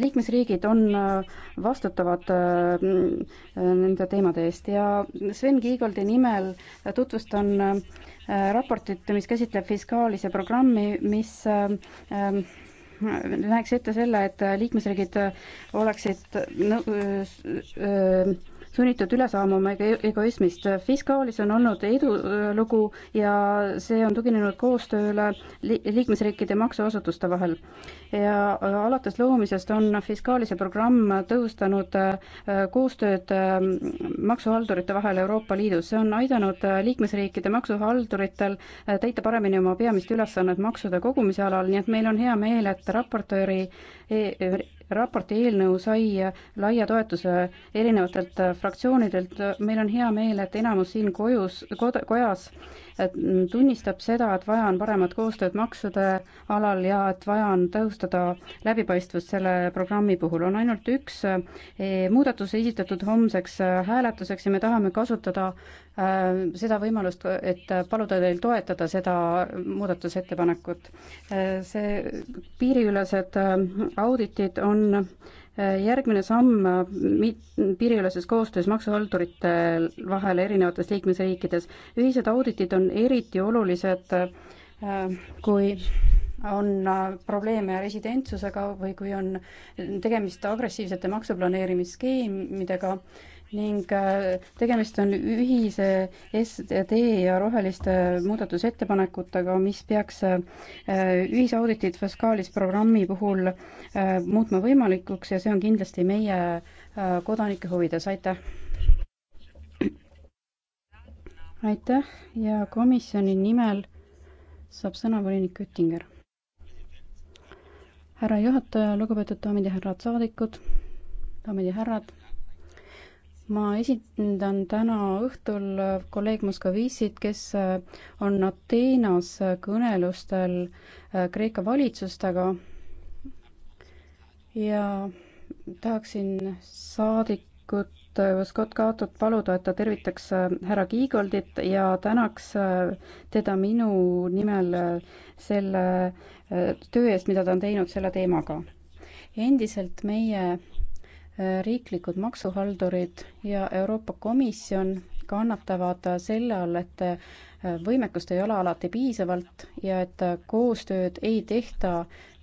liikmesriigid on äh, vastutavad äh, nende teemade eest ja Sven Kiigoldi nimel tutvustan äh, raportit, mis käsitleb fiskaalise programmi, mis näeks ette selle, et liikmesriigid oleksid no, sunnitud üle saama oma egoismist. fiskaalis on olnud edulugu ja see on tuginenud koostööle liikmesriikide maksuasutuste vahel. ja alates loomisest on fiskaalise programm tõhustanud äh, koostööd äh, maksuhaldurite vahel Euroopa Liidus. see on aidanud äh, liikmesriikide maksuhalduritel täita paremini oma peamist ülesannet maksude kogumise alal, nii et meil on hea meel, et raportööri e-, raporti eelnõu sai laia toetuse erinevatelt fraktsioonidelt. meil on hea meel, et enamus siin kojus, kojas tunnistab seda, et vaja on paremat koostööd maksude alal ja et vaja on tõhustada läbipaistvust selle programmi puhul. on ainult üks e, muudatus esitatud homseks e, hääletuseks ja me tahame kasutada e, seda võimalust, et paluda teil toetada seda muudatusettepanekut. see piiriülesed auditid on järgmine samm piiriüleses koostöös maksuhaldurite vahel erinevates liikmesriikides. ühised auditid on eriti olulised, äh, kui on äh, probleeme residentsusega või kui on tegemist agressiivsete maksuplaneerimisskeemidega ning äh, tegemist on ühise SD ja roheliste muudatusettepanekutega, mis peaks äh, ühisauditit Fiskaalis programmi puhul äh, muutma võimalikuks ja see on kindlasti meie kodanike huvides, aitäh! aitäh ja komisjoni nimel saab sõna volinik Küttinger. härra juhataja, lugupeetud daamid ja härrad saadikud, daamid ja härrad ma esindan täna õhtul kolleeg Moskovitsit, kes äh, on Ateenas kõnelustel äh, Kreeka valitsustega ja tahaksin saadikut äh, Scott Catot paluda, et ta tervitaks härra Kiigoldit ja tänaks teda minu nimel selle töö eest, mida ta on teinud selle teemaga. endiselt meie riiklikud maksuhaldurid ja Euroopa Komisjon kannatavad selle all, et võimekust ei ole alati piisavalt ja et koostööd ei tehta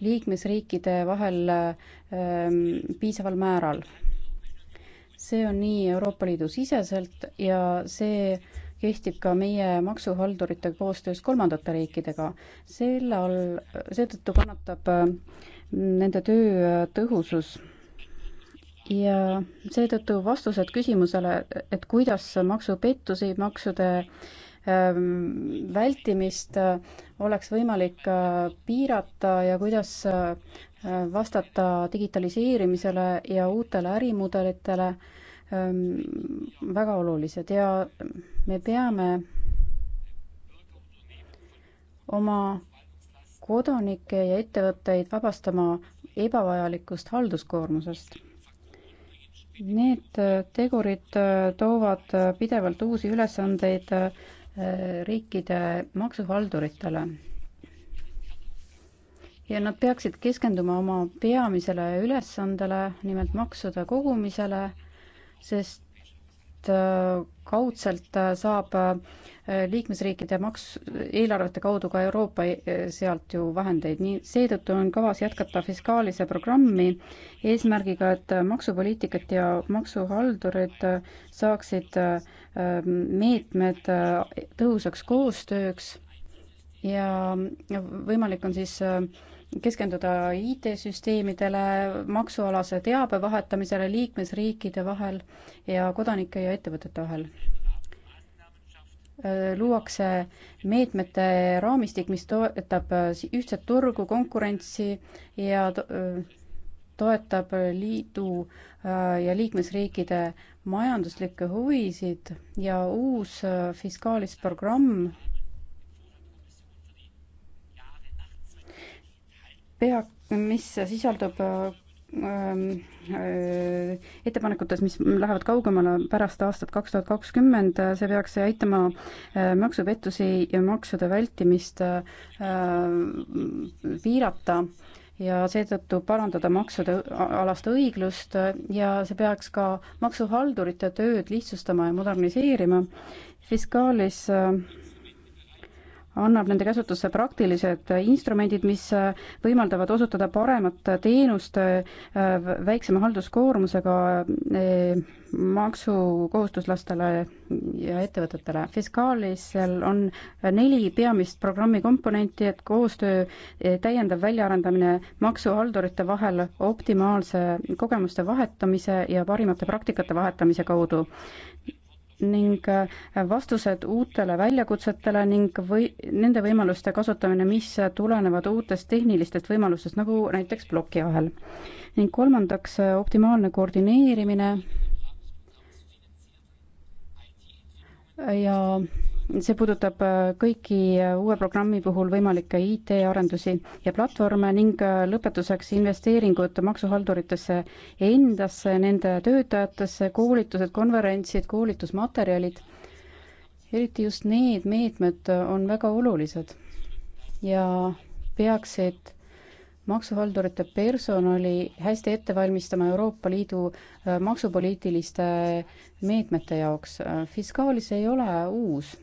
liikmesriikide vahel ähm, piisaval määral. see on nii Euroopa Liidu siseselt ja see kehtib ka meie maksuhaldurite koostöös kolmandate riikidega. selle all, seetõttu kannatab äh, nende töö äh, tõhusus ja seetõttu vastused küsimusele, et kuidas maksupettusi, maksude ähm, vältimist äh, oleks võimalik äh, piirata ja kuidas äh, vastata digitaliseerimisele ja uutele ärimudelitele, ähm, väga olulised ja me peame oma kodanikke ja ettevõtteid vabastama ebavajalikust halduskoormusest Need äh, tegurid äh, toovad äh, pidevalt uusi ülesandeid riikide maksuhalduritele ja nad peaksid keskenduma oma peamisele ülesandele, nimelt maksude kogumisele, sest et äh, kaudselt äh, saab äh, liikmesriikide maks, eelarvete kaudu ka Euroopa sealt ju vahendeid, nii seetõttu on kavas jätkata fiskaalise programmi eesmärgiga, et maksupoliitikat ja maksuhaldurid saaksid meetmed tõhusaks koostööks ja võimalik on siis keskenduda IT-süsteemidele, maksualase teabe vahetamisele liikmesriikide vahel ja kodanike ja ettevõtete vahel. Äh, luuakse meetmete raamistik, mis toetab äh, ühtset turgu, konkurentsi ja äh, toetab liidu ja liikmesriikide majanduslikke huvisid ja uus fiskaalis programm pea, mis sisaldub ähm, äh, ettepanekutes, mis lähevad kaugemale pärast aastat kaks tuhat kakskümmend, äh, see peaks aitama äh, maksupettusi ja maksude vältimist piirata ja seetõttu parandada maksude alast õiglust ja see peaks ka maksuhaldurite tööd lihtsustama ja moderniseerima. fiskaalis äh, annab nende käsutusse praktilised instrumendid, mis äh, võimaldavad osutada paremat teenust äh, väiksema halduskoormusega äh, maksukohustuslastele ja ettevõtetele. Fiskaalisel on neli peamist programmi komponenti, et koostöö täiendav väljaarendamine maksuhaldurite vahel optimaalse kogemuste vahetamise ja parimate praktikate vahetamise kaudu ning äh, vastused uutele väljakutsetele ning või nende võimaluste kasutamine, mis tulenevad uutest tehnilistest võimalustest, nagu näiteks plokiahel. ning kolmandaks, äh, optimaalne koordineerimine ja see puudutab äh, kõiki äh, uue programmi puhul võimalikke IT-arendusi ja platvorme ning äh, lõpetuseks investeeringud maksuhalduritesse endasse, nende töötajatesse, koolitused, konverentsid, koolitusmaterjalid. eriti just need meetmed on väga olulised ja peaksid maksuhaldurite personali hästi ette valmistama Euroopa Liidu maksupoliitiliste meetmete jaoks. fiskaalis ei ole uus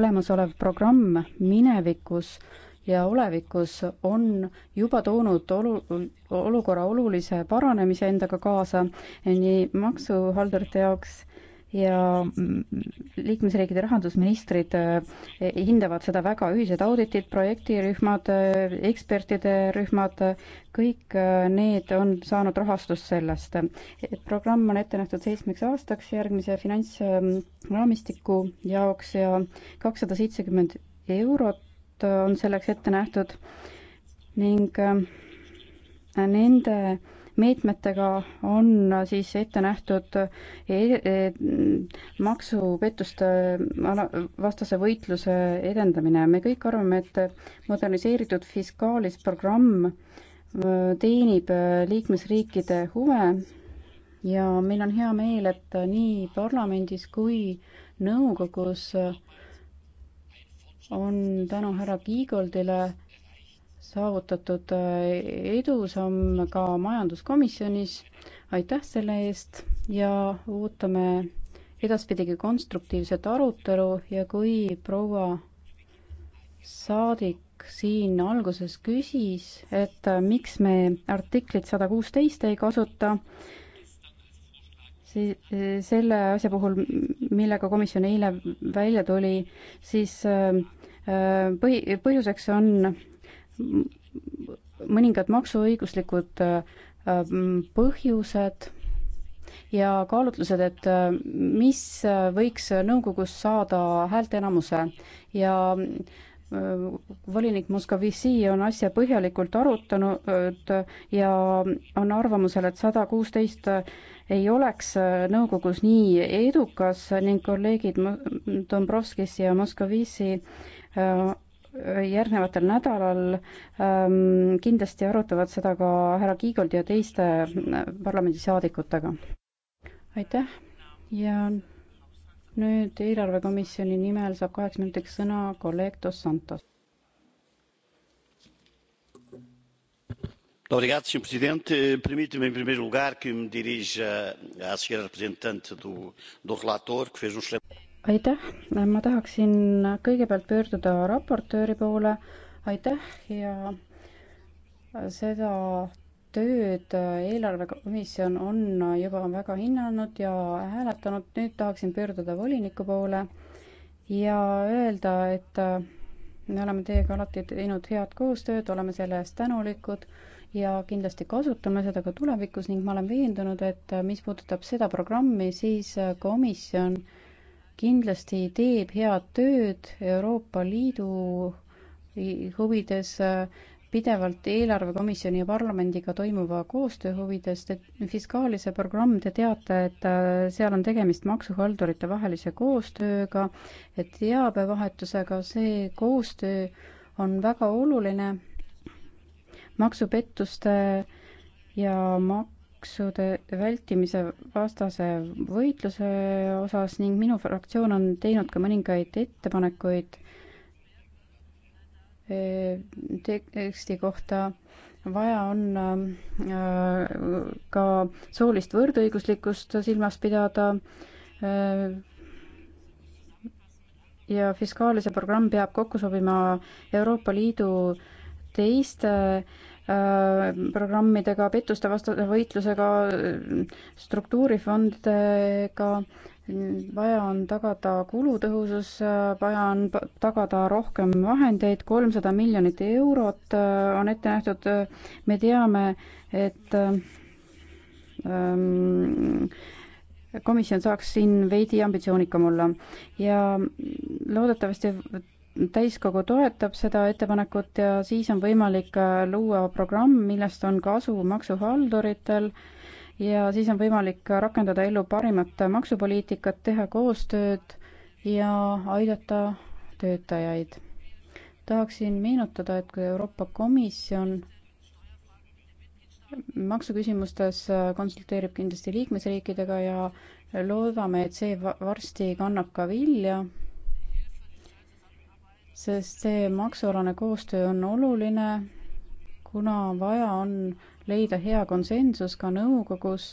olemasolev programm minevikus ja olevikus on juba toonud olu-, olukorra olulise paranemise endaga kaasa nii maksuhaldurite jaoks ja mm, liikmesriikide rahandusministrid eh, hindavad seda väga, ühised auditid, projektirühmad, eh, ekspertide rühmad, kõik eh, need on saanud rahastust sellest. programm on ette nähtud seitsmeks aastaks järgmise finantsraamistiku jaoks ja kakssada seitsekümmend eurot on selleks ette nähtud ning nende meetmetega on siis ette nähtud e-, e-, maksupettuste vastase võitluse edendamine. me kõik arvame, et moderniseeritud fiskaalis programm äh, teenib äh, liikmesriikide huve ja meil on hea meel, et nii parlamendis kui nõukogus on tänu härra Kiigoldile saavutatud äh, edusamm ka majanduskomisjonis. aitäh selle eest ja ootame edaspidigi konstruktiivset arutelu ja kui proua saadik siin alguses küsis, et äh, miks me artiklit sada kuusteist ei kasuta, selle asja puhul, millega komisjon eile välja tuli, siis äh, põhi, põhjuseks on mõningad maksuõiguslikud äh, põhjused ja kaalutlused, et äh, mis võiks nõukogus saada häälteenamuse ja äh, volinik Moskovitsi on asja põhjalikult arutanud ja on arvamusel, et sada kuusteist ei oleks nõukogus nii edukas ning kolleegid Dombrovskis ja Moskovitsi järgnevatel nädalal ähm, kindlasti arutavad seda ka härra Kiigold ja teiste äh, parlamendisaadikutega. aitäh ja nüüd eelarvekomisjoni nimel saab kaheks minutiks sõna kolleeg Dos Santos. Obrigado, Sr. Presidente. Permita-me, em primeiro lugar, que me dirija à senhora representante do, do relator, que fez um excelente aitäh, ma tahaksin kõigepealt pöörduda raportööri poole, aitäh ja seda tööd eelarvekomisjon on juba väga hinnanud ja hääletanud, nüüd tahaksin pöörduda voliniku poole ja öelda, et me oleme teiega alati teinud head koostööd, oleme selle eest tänulikud ja kindlasti kasutame seda ka tulevikus ning ma olen veendunud, et mis puudutab seda programmi, siis komisjon äh, kindlasti teeb head tööd Euroopa Liidu huvides, pidevalt eelarvekomisjoni ja parlamendiga toimuva koostöö huvides, fiskaalise programm, te teate, et äh, seal on tegemist maksuhaldurite vahelise koostööga, teabevahetusega, see koostöö on väga oluline maksupettuste ja mak-, maksude vältimise vastase võitluse osas ning minu fraktsioon on teinud ka mõningaid ettepanekuid eh, teksti kohta. vaja on äh, ka soolist võrdõiguslikkust silmas pidada äh, ja fiskaalse programm peab kokku sobima Euroopa Liidu teiste äh, Äh, programmidega, pettuste vastase võitlusega, struktuurifondidega, vaja on tagada kulutõhusus, vaja on tagada rohkem vahendeid, kolmsada miljonit eurot äh, on ette nähtud, me teame, et ähm, komisjon saaks siin veidi ambitsioonikam olla ja loodetavasti täiskogu toetab seda ettepanekut ja siis on võimalik äh, luua programm, millest on kasu maksuhalduritel ja siis on võimalik äh, rakendada ellu parimat maksupoliitikat, teha koostööd ja aidata töötajaid. tahaksin meenutada, et kui Euroopa Komisjon maksuküsimustes äh, konsulteerib kindlasti liikmesriikidega ja loodame, et see varsti kannab ka vilja sest see maksualane koostöö on oluline, kuna vaja on leida hea konsensus ka nõukogus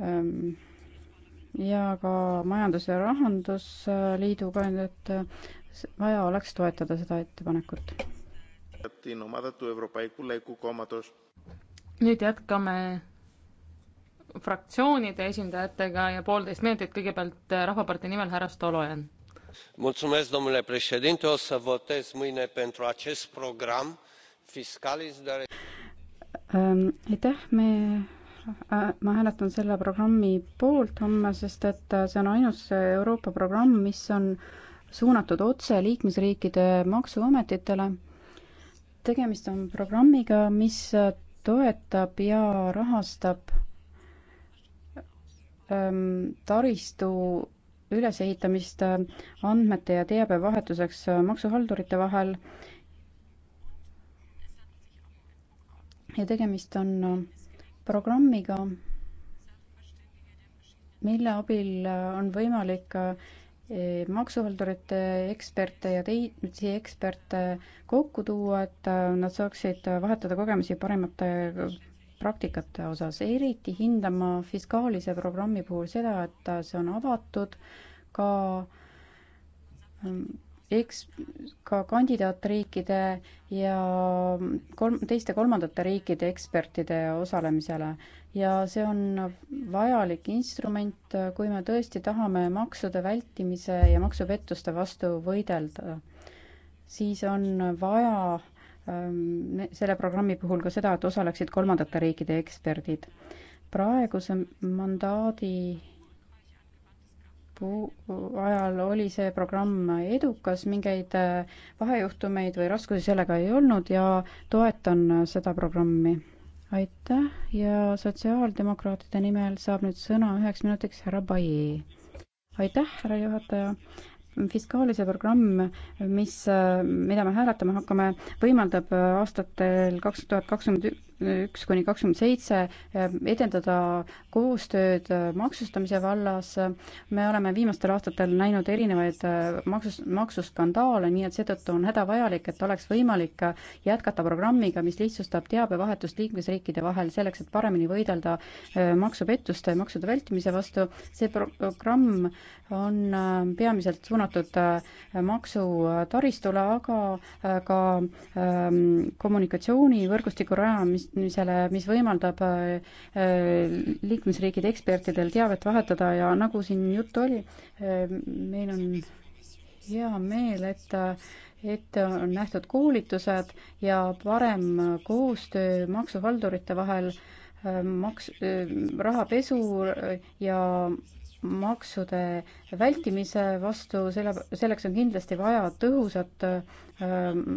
ähm, ja ka Majandus- ja Rahandusliiduga, nii et äh, vaja oleks toetada seda ettepanekut. nüüd jätkame fraktsioonide esindajatega ja poolteist minutit kõigepealt äh, Rahvapartei nimel härra Stolojan domnule președinte o să votez mâine pentru acest program fiscalis deoarece. Ehm, aitäh me ma hääletan selle programmi poolt homme sest et see on ainus euroopa programm mis on suunatud otse liikmesriikide maksuametitele tegemist on programmiga mis toetab ja rahastab ehm, taristu ülesehitamist äh, andmete ja teabe vahetuseks äh, maksuhaldurite vahel. ja tegemist on äh, programmiga, mille abil on võimalik maksuhaldurite eksperte ja teisi eksperte kokku tuua, et nad saaksid vahetada kogemusi parimate praktikate osas, eriti hindama fiskaalise programmi puhul seda, et see on avatud ka ähm, eks ka kandidaatriikide ja kolm, teiste kolmandate riikide ekspertide osalemisele. ja see on vajalik instrument, kui me tõesti tahame maksude vältimise ja maksupettuste vastu võidelda. siis on vaja Ehm, selle programmi puhul ka seda, et osaleksid kolmandate riikide eksperdid. praeguse mandaadi ajal oli see programm edukas, mingeid äh, vahejuhtumeid või raskusi sellega ei olnud ja toetan äh, seda programmi. aitäh ja sotsiaaldemokraatide nimel saab nüüd sõna üheks minutiks härra Baie. aitäh, härra juhataja fiskaalise programm, mis, mida me hääletama hakkame, võimaldab aastatel kaks tuhat kakskümmend üks kuni kakskümmend seitse, eh, edendada koostööd eh, maksustamise vallas. me oleme viimastel aastatel näinud erinevaid eh, maksus, maksuskandaale, nii et seetõttu on hädavajalik, et oleks võimalik jätkata programmiga, mis lihtsustab teabevahetust liikmesriikide vahel selleks, et paremini võidelda maksupettuste ja maksude vältimise vastu. see programm on peamiselt suunatud maksutaristule, aga ka kommunikatsioonivõrgustiku rajamist, mõistmisele, mis võimaldab äh, äh, liikmesriikide ekspertidel teavet vahetada ja nagu siin juttu oli, äh, meil on hea meel, et ette on nähtud koolitused ja parem koostöö maksuhaldurite vahel, maks, rahapesu ja maksude vältimise vastu, selle, selleks on kindlasti vaja tõhusat, äh,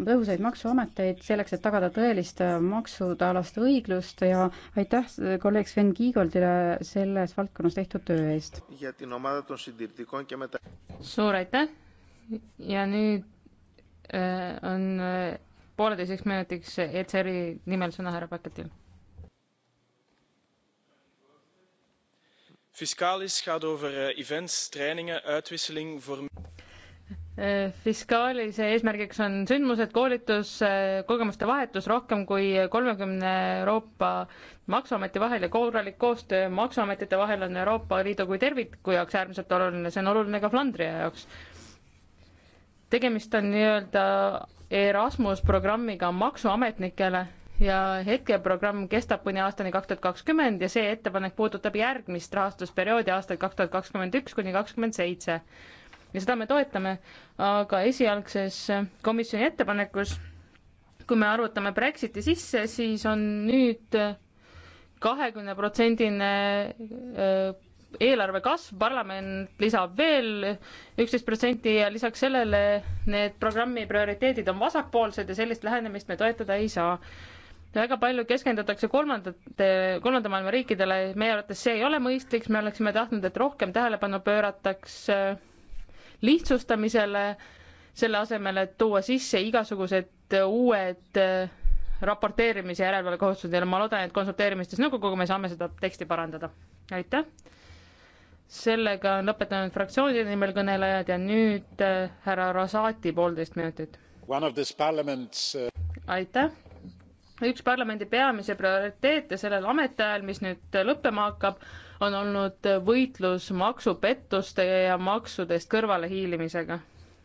tõhusaid maksuameteid, selleks et tagada tõelist maksudealast õiglust ja aitäh kolleeg Sven Kiigoldile selles valdkonnas tehtud töö eest. suur aitäh ja nüüd äh, on äh, pooleteiseks minutiks ECR-i nimel sõna härra Paketil Fiscalis gaat over eh, events, trainingen, uitwisseling voor. Eh, Fiskaalise eesmärgiks on sündmused, koolitus, eh, kogemuste vahetus rohkem kui kolmekümne Euroopa Maksuameti vahel ja korralik koostöö Maksuametite vahel on Euroopa Liidu kui terviku jaoks äärmiselt oluline, see on oluline ka Flandria jaoks. tegemist on nii-öelda Erasmus programmiga maksuametnikele ja hetkeprogramm kestab kuni aastani kaks tuhat kakskümmend ja see ettepanek puudutab järgmist rahastusperioodi aastaid kaks tuhat kakskümmend üks kuni kakskümmend seitse. ja seda me toetame, aga esialgses komisjoni ettepanekus, kui me arvutame Brexiti sisse, siis on nüüd kahekümne protsendine eelarve kasv, parlament lisab veel üksteist protsenti ja lisaks sellele need programmi prioriteedid on vasakpoolsed ja sellist lähenemist me toetada ei saa väga palju keskendutakse kolmandate, kolmanda maailma riikidele, meie arvates see ei ole mõistlik, me oleksime tahtnud, et rohkem tähelepanu pöörataks äh, lihtsustamisele, selle asemel, et tuua sisse igasugused uued äh, raporteerimise järelevalvekohustused ja ma loodan, et konsulteerimistes nõukoguga me saame seda teksti parandada. aitäh! sellega on lõpetanud fraktsioonide nimel kõnelejad ja nüüd äh, härra Rosati poolteist minutit. aitäh! üks parlamendi peamisi prioriteete sellel ametiajal, mis nüüd lõppema hakkab, on olnud võitlus maksupettuste ja maksudest kõrvalehiilimisega.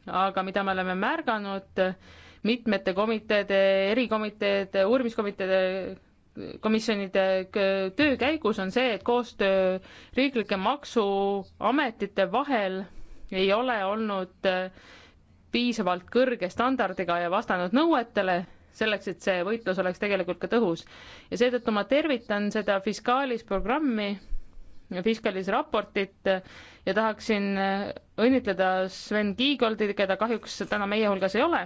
aga mida me oleme märganud mitmete komiteede, erikomiteede, uurimiskomiteede, komisjonide töö käigus, on see, et koostöö riiklike maksuametite vahel ei ole olnud piisavalt kõrge standardiga ja vastanud nõuetele selleks, et see võitlus oleks tegelikult ka tõhus. ja seetõttu ma tervitan seda Fiskaalis programmi, Fiskalis raportit ja tahaksin õnnitleda Sven Kiigoldi, keda kahjuks täna meie hulgas ei ole,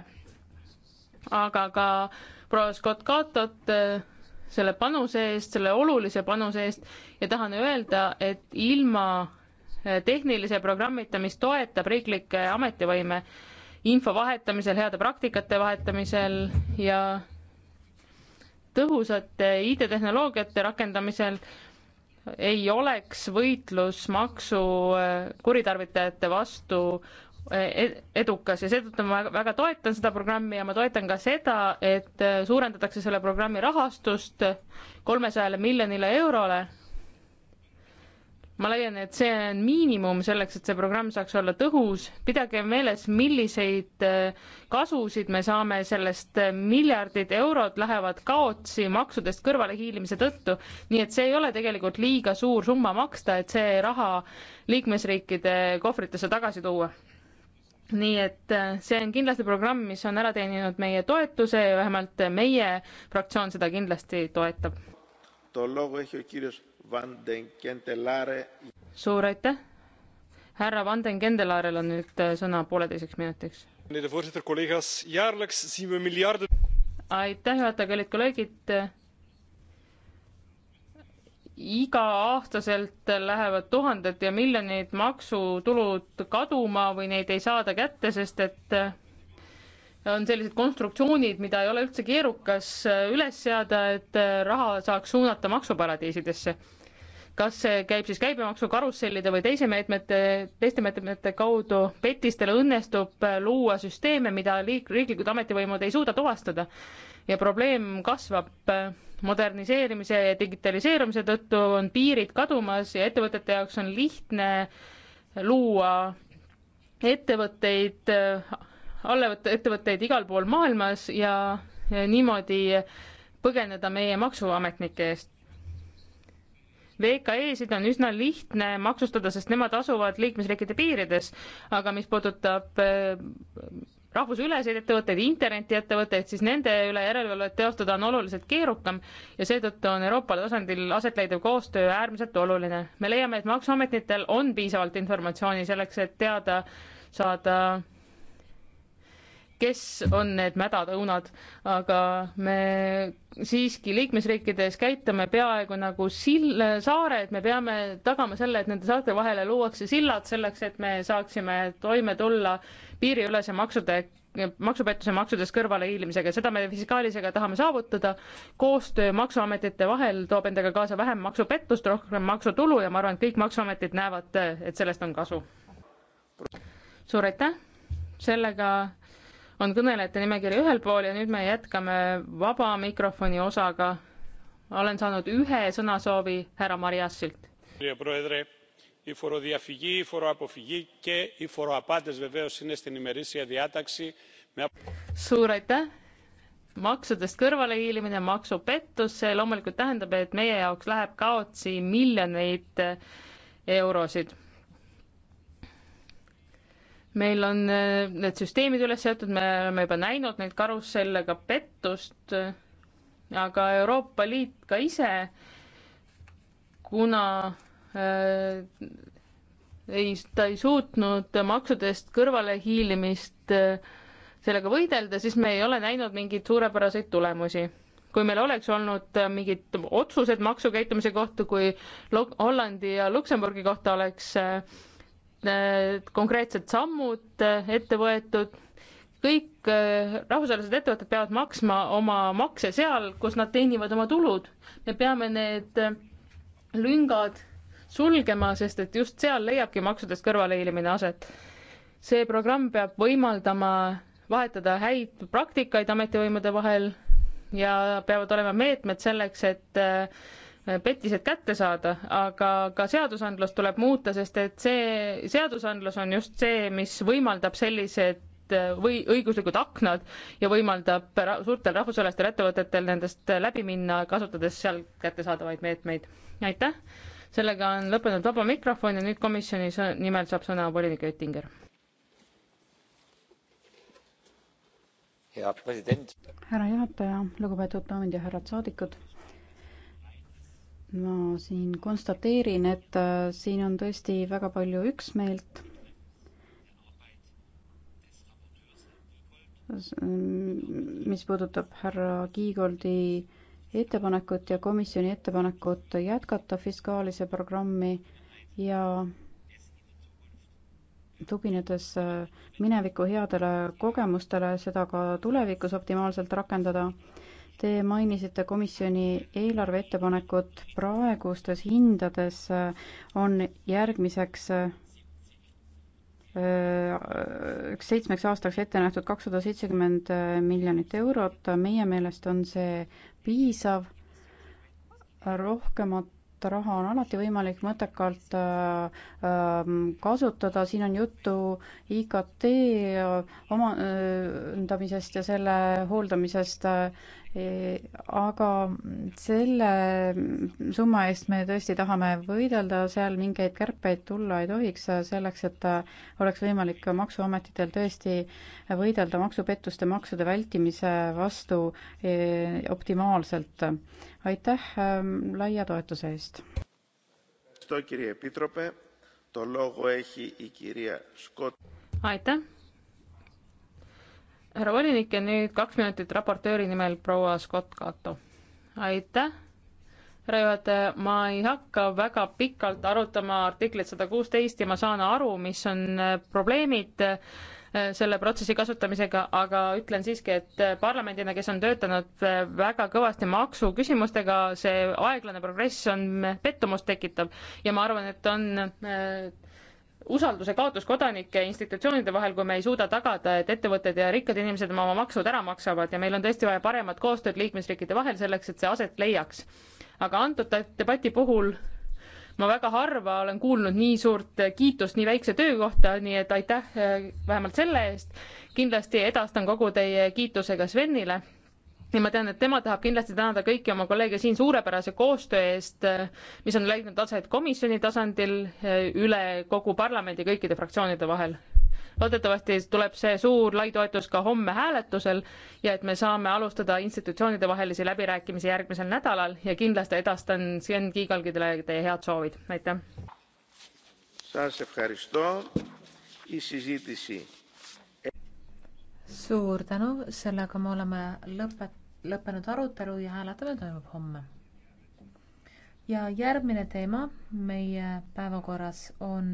aga ka proua Scott Catot selle panuse eest, selle olulise panuse eest ja tahan öelda, et ilma tehnilise programmita, mis toetab riiklikke ametivõime, info vahetamisel, heade praktikate vahetamisel ja tõhusate IT-tehnoloogiate rakendamisel ei oleks võitlus maksu äh, kuritarvitajate vastu äh, e-, edukas ja seetõttu ma väga toetan seda programmi ja ma toetan ka seda, et äh, suurendatakse selle programmi rahastust kolmesajale miljonile eurole ma leian, et see on miinimum selleks, et see programm saaks olla tõhus. pidage meeles, milliseid äh, kasusid me saame sellest, äh, miljardid eurod lähevad kaotsi maksudest kõrvalehiilimise tõttu. nii et see ei ole tegelikult liiga suur summa maksta, et see raha liikmesriikide kohvritesse tagasi tuua. nii et äh, see on kindlasti programm, mis on ära teeninud meie toetuse ja vähemalt meie fraktsioon seda kindlasti toetab. tol logo ehk kirjas Van den Kendelare. suur aitäh. härra Van den Kendelarel on nüüd äh, sõna pooleteiseks minutiks. aitäh, juhataja, kallid kolleegid iga-aastaselt lähevad tuhanded ja miljonid maksutulud kaduma või neid ei saada kätte, sest et äh, on sellised konstruktsioonid, mida ei ole üldse keerukas äh, üles seada, et raha saaks suunata maksuparadiisidesse kas see käib siis käibemaksu karussellide või teise meetmete, teiste meetmete kaudu, petistele õnnestub luua süsteeme, mida liik-, riiklikud ametivõimud ei suuda tuvastada. ja probleem kasvab moderniseerimise ja digitaliseerumise tõttu on piirid kadumas ja ettevõtete jaoks on lihtne luua ettevõtteid, allevõtte ettevõtteid igal pool maailmas ja niimoodi põgeneda meie maksuametnike eest. VKE-sid on üsna lihtne maksustada, sest nemad asuvad liikmesriikide piirides, aga mis puudutab äh, rahvusüleseid ettevõtteid, internetiettevõtteid, siis nende üle järelevalvet teostada on oluliselt keerukam ja seetõttu on Euroopa tasandil aset leidev koostöö äärmiselt oluline. me leiame, et maksuametitel on piisavalt informatsiooni selleks, et teada saada kes on need mädad õunad, aga me siiski liikmesriikides käitume peaaegu nagu sill, saared, me peame tagama selle, et nende saarte vahele luuakse sillad selleks, et me saaksime toime tulla piiriülese maksude maksupettuse maksudest kõrvalehiilimisega, seda me fiskaalisega tahame saavutada. koostöö maksuametite vahel toob endaga kaasa vähem maksupettust, rohkem maksutulu ja ma arvan, et kõik maksuametid näevad, et sellest on kasu. suur aitäh, sellega on kõnelejate nimekiri ühel pool ja nüüd me jätkame vaba mikrofoni osaga. olen saanud ühe sõnasoovi härra Mariassilt. Η φοροδιαφυγή, η φοροαποφυγή και οι φοροαπάτες βεβαίως είναι στην ημερήσια διάταξη. Suur aitäh! maksudest kõrvalehiilimine, maksupettus, see loomulikult tähendab, et meie jaoks läheb kaotsi miljoneid eurosid meil on äh, need süsteemid üles seatud, me oleme juba näinud neid karusselle ka pettust, aga Euroopa Liit ka ise, kuna äh, ei, ta ei suutnud maksudest kõrvalehiilimist äh, sellega võidelda, siis me ei ole näinud mingeid suurepäraseid tulemusi kui meil oleks olnud äh, mingid otsused maksukäitumise kohta, kui Hollandi ja Luksemburgi kohta oleks äh, konkreetsed sammud eh, ette võetud, kõik eh, rahvusvahelised ettevõtted peavad maksma oma makse seal, kus nad teenivad oma tulud. me peame need eh, lüngad sulgema, sest et just seal leiabki maksudest kõrvalehiilimine aset. see programm peab võimaldama vahetada häid praktikaid ametivõimude vahel ja peavad olema meetmed selleks, et Äh, pettised kätte saada, aga ka seadusandlust tuleb muuta, sest et see seadusandlus on just see, mis võimaldab sellised äh, või õiguslikud aknad ja võimaldab ra suurtel rahvusvahelistel ettevõtetel nendest äh, läbi minna, kasutades seal kättesaadavaid meetmeid. aitäh, sellega on lõppenud vaba mikrofon ja nüüd komisjoni nimel saab sõna volinik Oettinger. härra juhataja, lugupeetud daamid ja härrad saadikud ma siin konstateerin, et äh, siin on tõesti väga palju üksmeelt. mis puudutab härra Kiigoldi ettepanekut ja komisjoni ettepanekut jätkata fiskaalise programmi ja tuginedes äh, mineviku headele kogemustele, seda ka tulevikus optimaalselt rakendada Te mainisite komisjoni eelarve ettepanekut praegustes hindades äh, on järgmiseks üks äh, äh, seitsmeks aastaks ette nähtud kakssada seitsekümmend miljonit eurot, meie meelest on see piisav, rohkemat raha on alati võimalik mõttekalt kasutada, siin on juttu IKT omandamisest ja selle hooldamisest aga selle summa eest me tõesti tahame võidelda, seal mingeid kärpeid tulla ei tohiks, selleks et oleks võimalik ka Maksuametitel tõesti võidelda maksupettuste, maksude vältimise vastu optimaalselt. aitäh ähm, laia toetuse eest! aitäh! härra volinik ja nüüd kaks minutit raportööri nimel proua Scott Cato. aitäh, härra juhataja, ma ei hakka väga pikalt arutama artiklit sada kuusteist ja ma saan aru, mis on äh, probleemid äh, selle protsessi kasutamisega, aga ütlen siiski, et äh, parlamendina, kes on töötanud väga kõvasti maksuküsimustega, see aeglane progress on pettumust tekitav ja ma arvan, et on usalduse kaotus kodanike ja institutsioonide vahel, kui me ei suuda tagada, et ettevõtted ja rikkad inimesed oma maksud ära maksavad ja meil on tõesti vaja paremat koostööd liikmesriikide vahel selleks, et see aset leiaks. aga antud debati puhul ma väga harva olen kuulnud nii suurt kiitust nii väikse töö kohta, nii et aitäh eh, vähemalt selle eest. kindlasti edastan kogu teie kiituse ka Svenile ja ma tean, et tema tahab kindlasti tänada kõiki oma kolleege siin suurepärase koostöö eest, eh, mis on leidnud aset komisjoni tasandil eh, üle kogu parlamendi kõikide fraktsioonide vahel. loodetavasti tuleb see suur lai toetus ka homme hääletusel ja et me saame alustada institutsioonide vahelisi läbirääkimisi järgmisel nädalal ja kindlasti edastan Sven Kiigalgidele teie head soovid, aitäh. suur tänu, sellega me oleme lõpetanud lõppenud arutelu ja hääletamine toimub homme. ja järgmine teema meie päevakorras on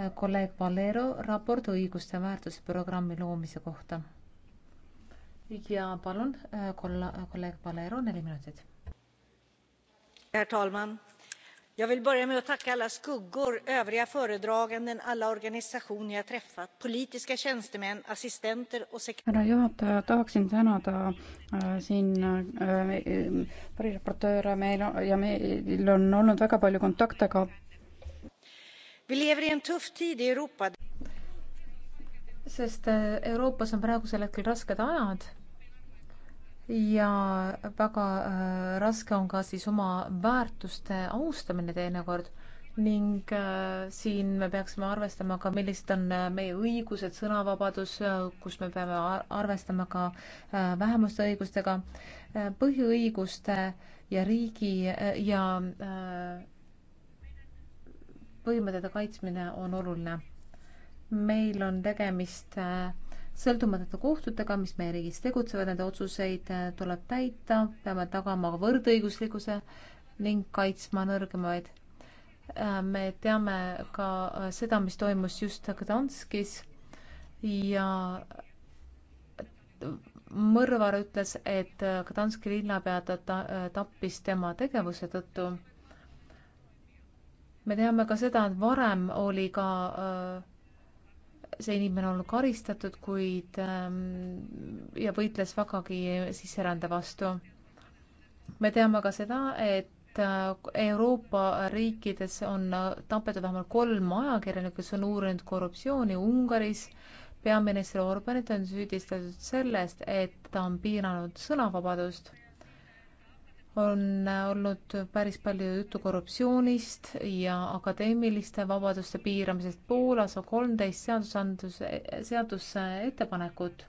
äh, kolleeg Valero raport õiguste väärtusprogrammi loomise kohta. ja palun, äh, kolleeg Valero, neli minutit. Herr talman! jag vill börja med att tacka alla skuggor övriga föredraganden alla organisationer jag träffat politiska tjänstemän assistenter och härra juhataja tahaksin tänada äh, siin äh, variraportööre äh, meil ja meil on olnud väga palju kontakte ka Vi lever i en tuff tid i Euroopa sest äh, Euroopas on praegusel hetkel rasked ajad ja väga äh, raske on ka siis oma väärtuste austamine teinekord ning äh, siin me peaksime arvestama ka, millised on äh, meie õigused, sõnavabadus, kus me peame arvestama ka vähemuste õigustega, põhiõiguste ja riigi ja põhimõtete kaitsmine on oluline. meil on tegemist äh, sõltumatute kohtutega, mis meie riigis tegutsevad, nende otsuseid äh, tuleb täita, peame tagama võrdõiguslikkuse ning kaitsma nõrgemaid. Äh, me teame ka äh, seda, mis toimus just Gdanskis ja mõrvar ütles, et Gdanski linnapea ta tappis tema tegevuse tõttu. me teame ka seda, et varem oli ka äh, see inimene olnud karistatud, kuid ähm, ja võitles vägagi sisserände vastu. me teame ka seda, et äh, Euroopa riikides on äh, tapetud vähemalt kolm ajakirjanikku, kes on uurinud korruptsiooni Ungaris. peaminister Orbanit on süüdistatud sellest, et ta on piiranud sõnavabadust on olnud päris palju juttu korruptsioonist ja akadeemiliste vabaduste piiramisest. Poolas on kolmteist seadusandluse, seaduseettepanekut,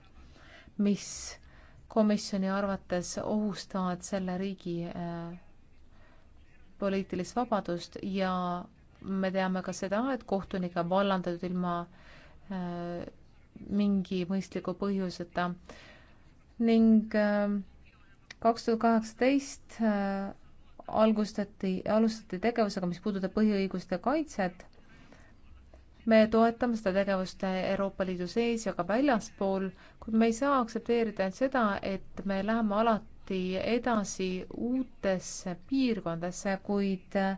mis komisjoni arvates ohustavad selle riigi äh, poliitilist vabadust ja me teame ka seda, et kohtunikke on vallandatud ilma äh, mingi mõistliku põhjuseta ning äh, kaks tuhat kaheksateist äh, algustati, alustati tegevusega, mis puudutab põhiõiguste kaitset. me toetame seda tegevust Euroopa Liidu sees ja ka väljaspool, kuid me ei saa aktsepteerida seda, et me läheme alati edasi uutesse piirkondadesse, kuid äh,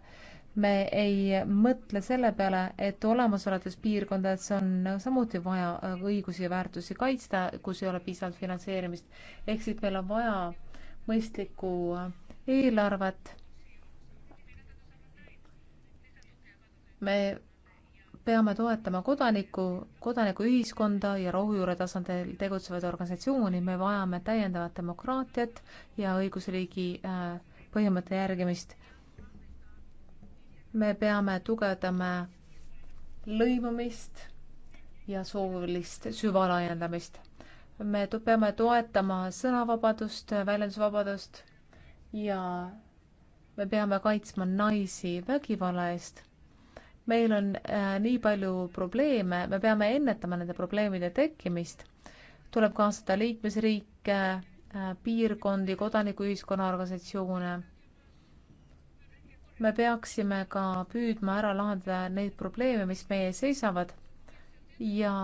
me ei mõtle selle peale, et olemasolevates piirkondades on samuti vaja äh, õigusi ja väärtusi kaitsta, kus ei ole piisavalt finantseerimist. ehk siis meil on vaja mõistlikku eelarvet. me peame toetama kodaniku, kodanikuühiskonda ja rohujuure tasandil tegutsevaid organisatsiooni, me vajame täiendavat demokraatiat ja õigusriigi äh, põhimõtte järgimist. me peame tugevdama lõimumist ja soolist süvalaiendamist me peame toetama sõnavabadust, väljendusvabadust ja me peame kaitsma naisi vägivalla eest. meil on äh, nii palju probleeme, me peame ennetama nende probleemide tekkimist. tuleb kaasata liikmesriike äh,, piirkondi, kodanikuühiskonna organisatsioone. me peaksime ka püüdma ära lahendada neid probleeme, mis meie ees seisavad ja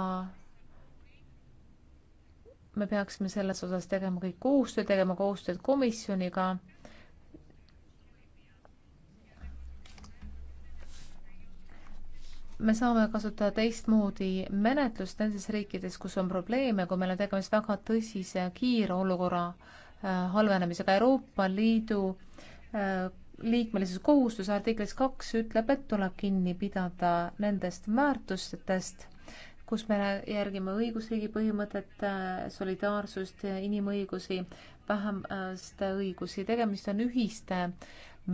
me peaksime selles osas tegema kõik koostöö, tegema koostööd komisjoniga. me saame kasutada teistmoodi menetlust nendes riikides, kus on probleeme, kui meil on tegemist väga tõsise kiire olukorra äh, halvenemisega. Euroopa Liidu äh, liikmelisus kohustuse artiklis kaks ütleb, et tuleb kinni pidada nendest väärtustest kus me järgime õigusriigi põhimõtet, solidaarsust, inimõigusi, vähemaste õigusi, tegemist on ühiste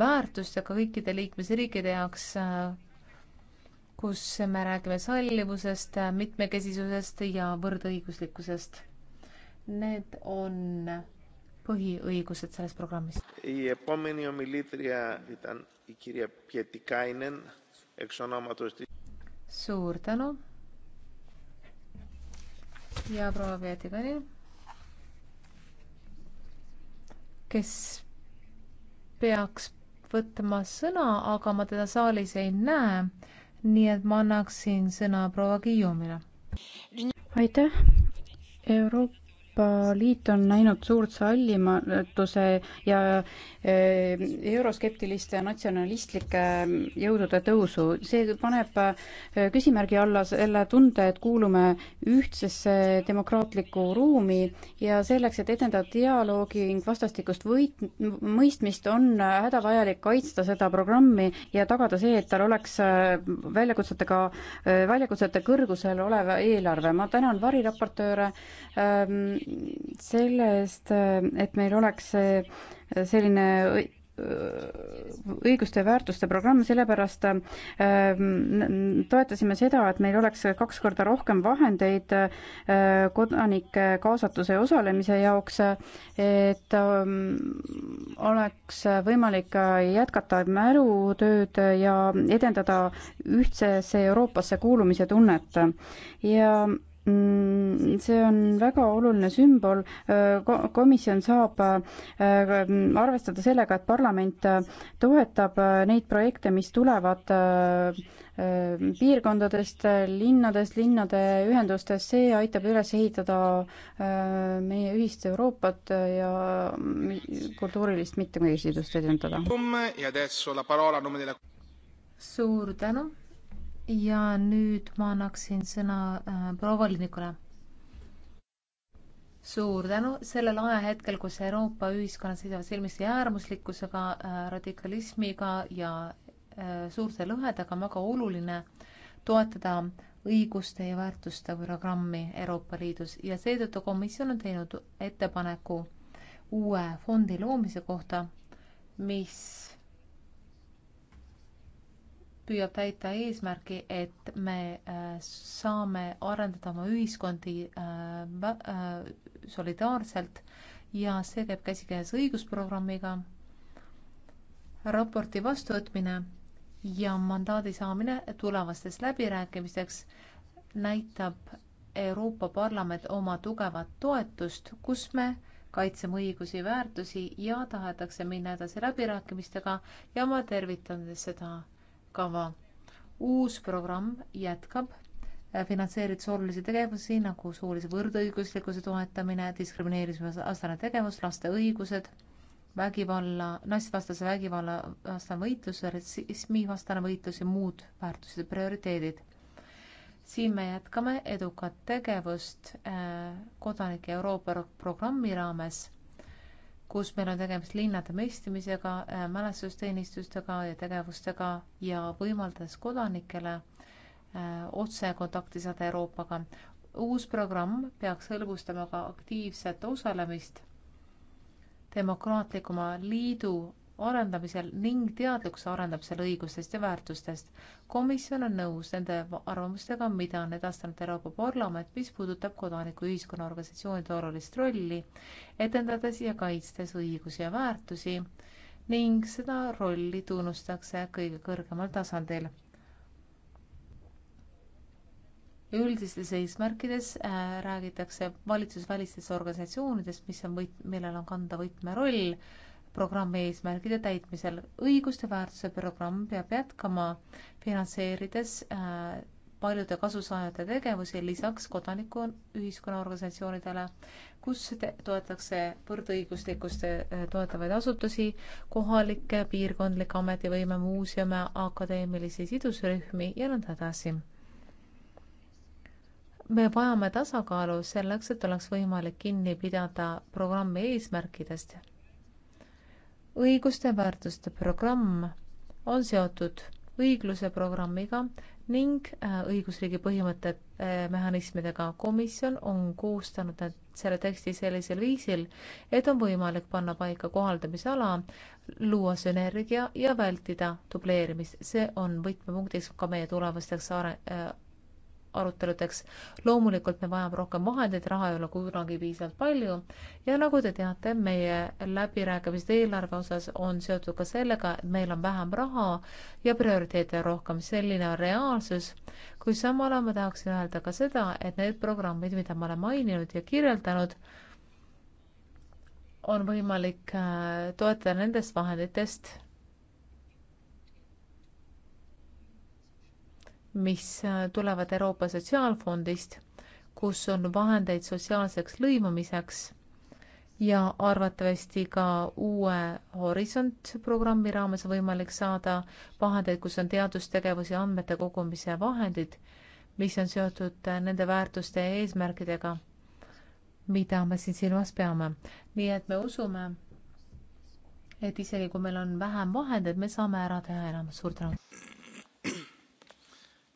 väärtustega kõikide liikmesriikide jaoks, kus me räägime sallivusest, mitmekesisusest ja võrdõiguslikkusest. Need on põhiõigused selles programmis. suur tänu ja proua Peetikari, kes peaks võtma sõna, aga ma teda saalis ei näe. nii et ma annaksin sõna proua Kiiumile. aitäh. Euroopa Euroopa Liit on näinud suurt sallimatuse ja eh, euroskeptiliste ja natsionalistlike jõudude tõusu. see paneb eh, küsimärgi alla selle tunde, et kuulume ühtsesse demokraatlikku ruumi ja selleks, et edendada dialoogi ning vastastikust võit-, mõistmist, on hädavajalik kaitsta seda programmi ja tagada see, et tal oleks eh, väljakutsetega, väljakutsete kõrgusel olev eelarve. ma tänan variraportööre ähm, selle eest, et meil oleks selline õiguste ja väärtuste programm, sellepärast ähm, toetasime seda, et meil oleks kaks korda rohkem vahendeid äh, kodanike kaasatuse ja osalemise jaoks, et ähm, oleks võimalik jätkata mälutööd ja edendada ühtsesse Euroopasse kuulumise tunnet ja Mm, see on väga oluline sümbol. Äh, komisjon saab äh, arvestada sellega, et parlament äh, toetab neid projekte, mis tulevad piirkondadest, linnadest, linnade ühendustest, see aitab üles ehitada meie ühist Euroopat ja kultuurilist mitmekesisust edendada. suur tänu ja nüüd ma annaksin sõna äh, proua volinikule. suur tänu, sellel ajahetkel, kus Euroopa ühiskonnad seisavad silmitsi äärmuslikkusega äh,, radikalismiga ja äh, suurte lõhedega, on väga oluline toetada õiguste ja väärtuste programmi Euroopa Liidus ja seetõttu komisjon on teinud ettepaneku uue fondi loomise kohta, mis püüab täita eesmärki, et me äh, saame arendada oma ühiskondi äh, äh, solidaarselt ja see käib käsikäes õigusprogrammiga. raporti vastuvõtmine ja mandaadi saamine tulevastes läbirääkimisteks näitab Euroopa Parlament oma tugevat toetust, kus me kaitseme õigusi, väärtusi ja tahetakse minna edasi läbirääkimistega ja ma tervitan seda kava. uus programm jätkab äh, finantseerides olulisi tegevusi nagu soolise võrdõiguslikkuse toetamine, diskrimineerimisvastane tegevus, laste õigused, vägivalla, naistevastase vägivalla vastane võitlus, rassismivastane võitlus ja muud väärtused ja prioriteedid. siin me jätkame edukat tegevust äh, kodanike Euroopa programmi raames kus meil on tegemist linnade mõistmisega, äh, mälestusteenistustega ja tegevustega ja võimaldades kodanikele äh, otsekontakti saada Euroopaga. uus programm peaks hõlbustama ka aktiivset osalemist demokraatlikuma liidu arendamisel ning teadlikkuse arendamisel õigustest ja väärtustest. komisjon on nõus nende arvamustega, mida on edastanud Euroopa Parlament, mis puudutab kodanikuühiskonna organisatsioonide olulist rolli, edendades ja kaitstes õigusi ja väärtusi ning seda rolli tunnustatakse kõige kõrgemal tasandil üldistes eesmärkides äh, räägitakse valitsusvälistest organisatsioonidest, mis on võit-, millel on kanda võtmeroll programmi eesmärgide täitmisel. õiguste väärtuse programm peab jätkama, finantseerides äh, paljude kasusaajate tegevusi lisaks kodanikuühiskonna organisatsioonidele, kus toetatakse võrdõiguslikkust äh, toetavaid asutusi, kohalikke, piirkondlikke ametivõime, muuseume, akadeemilisi sidusrühmi ja nõnda edasi me vajame tasakaalu selleks, et oleks võimalik kinni pidada programmi eesmärkidest õiguste väärtuste programm on seotud õigluse programmiga ning äh, õigusriigi põhimõtte äh, mehhanismidega. komisjon on koostanud selle teksti sellisel viisil, et on võimalik panna paika kohaldamisala, luua sünergia ja vältida dubleerimist. see on võtmepunktiks ka meie tulevasteks are-, äh, aruteludeks. loomulikult me vajame rohkem vahendeid, raha ei ole kunagi piisavalt palju ja nagu te teate, meie läbirääkimised eelarve osas on seotud ka sellega, et meil on vähem raha ja prioriteete rohkem, selline on reaalsus. kui samal ajal ma tahaksin öelda ka seda, et need programmid, mida ma olen maininud ja kirjeldanud, on võimalik äh, toetada nendest vahenditest, mis äh, tulevad Euroopa Sotsiaalfondist, kus on vahendeid sotsiaalseks lõimumiseks ja arvatavasti ka uue Horisont programmi raames on võimalik saada vahendeid, kus on teadustegevus ja andmete kogumise vahendid, mis on seotud äh, nende väärtuste ja eesmärkidega, mida me siin silmas peame. nii et me usume, et isegi kui meil on vähem vahendeid, me saame ära teha enamus. suur tänu!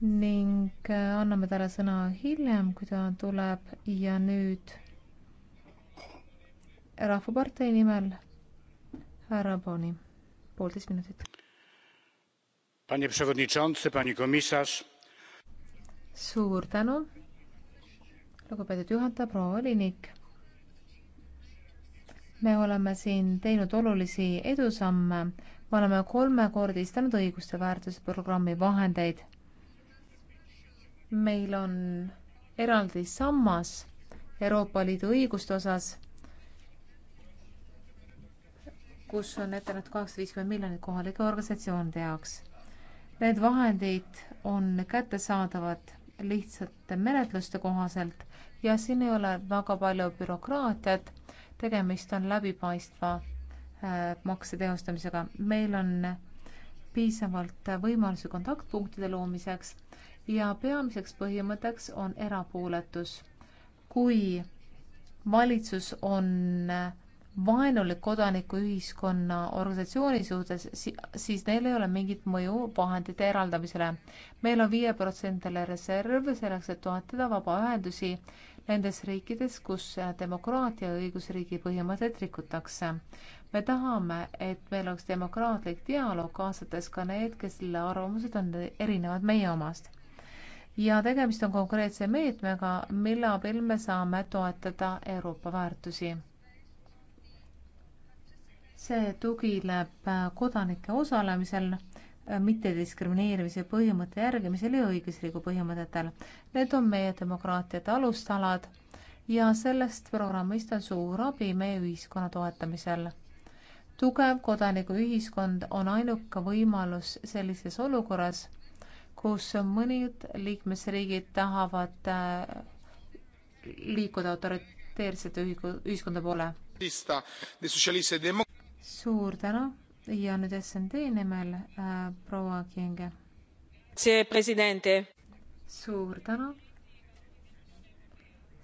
ning äh, anname talle sõna hiljem, kui ta tuleb ja nüüd Rahvapartei nimel härra Boni, poolteist minutit. suur tänu, lugupeetud juhataja, proua volinik me oleme siin teinud olulisi edusamme, me oleme kolmekordistanud õiguste väärtusprogrammi vahendeid meil on eraldi sammas Euroopa Liidu õiguste osas, kus on ette nähtud kakssada viiskümmend miljonit kohalike organisatsioonide jaoks. Need vahendid on kättesaadavad lihtsate menetluste kohaselt ja siin ei ole väga palju bürokraatiat, tegemist on läbipaistva äh, makse teostamisega. meil on piisavalt võimalusi kontaktpunktide loomiseks ja peamiseks põhimõtteks on erapooletus. kui valitsus on vaenulik kodanikuühiskonna organisatsiooni suhtes, siis neil ei ole mingit mõju vahendite eraldamisele. meil on viieprotsendile reserv selleks, et toetada vabaühendusi nendes riikides, kus demokraatia ja õigusriigi põhimõtteid rikutakse. me tahame, et meil oleks demokraatlik dialoog, kaasates ka need, kes selle arvamused on erinevad meie omast ja tegemist on konkreetse meetmega, mille abil me saame toetada Euroopa väärtusi. see tugineb äh, kodanike osalemisel äh, mittediskrimineerimise põhimõtte järgimisel ja õigusriigi põhimõtetel. Need on meie demokraatiate alustalad ja sellest programmist on suur abi meie ühiskonna toetamisel. tugev kodanikuühiskond on ainuke võimalus sellises olukorras kus mõned liikmesriigid tahavad äh, liikuda autoriteersete ühiskonda poole. suur tänu ja nüüd SMD nimel äh, proua Kienge. suur tänu.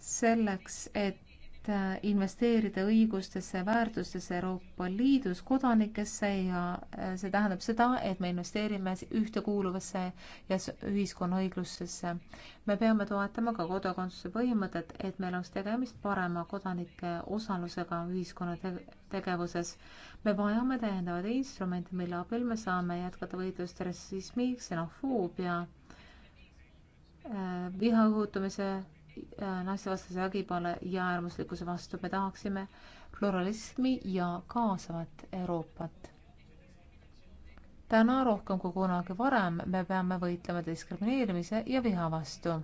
selleks, et et äh, investeerida õigustesse, väärtustesse Euroopa Liidus, kodanikesse ja äh, see tähendab seda, et me investeerime ühtekuuluvasse ja ühiskonna õiglusesse. me peame toetama ka kodakondsuse põhimõtet, et meil oleks tegemist parema kodanike osalusega ühiskonna te tegevuses. me vajame täiendavaid instrumente, mille abil me saame jätkata võitlust rassismi, ksenofoobia, äh, viha õhutamise naistevastase vägivalla ja äärmuslikkuse vastu. me tahaksime pluralismi ja kaasavat Euroopat. täna rohkem kui kunagi varem me peame võitlema diskrimineerimise ja viha vastu,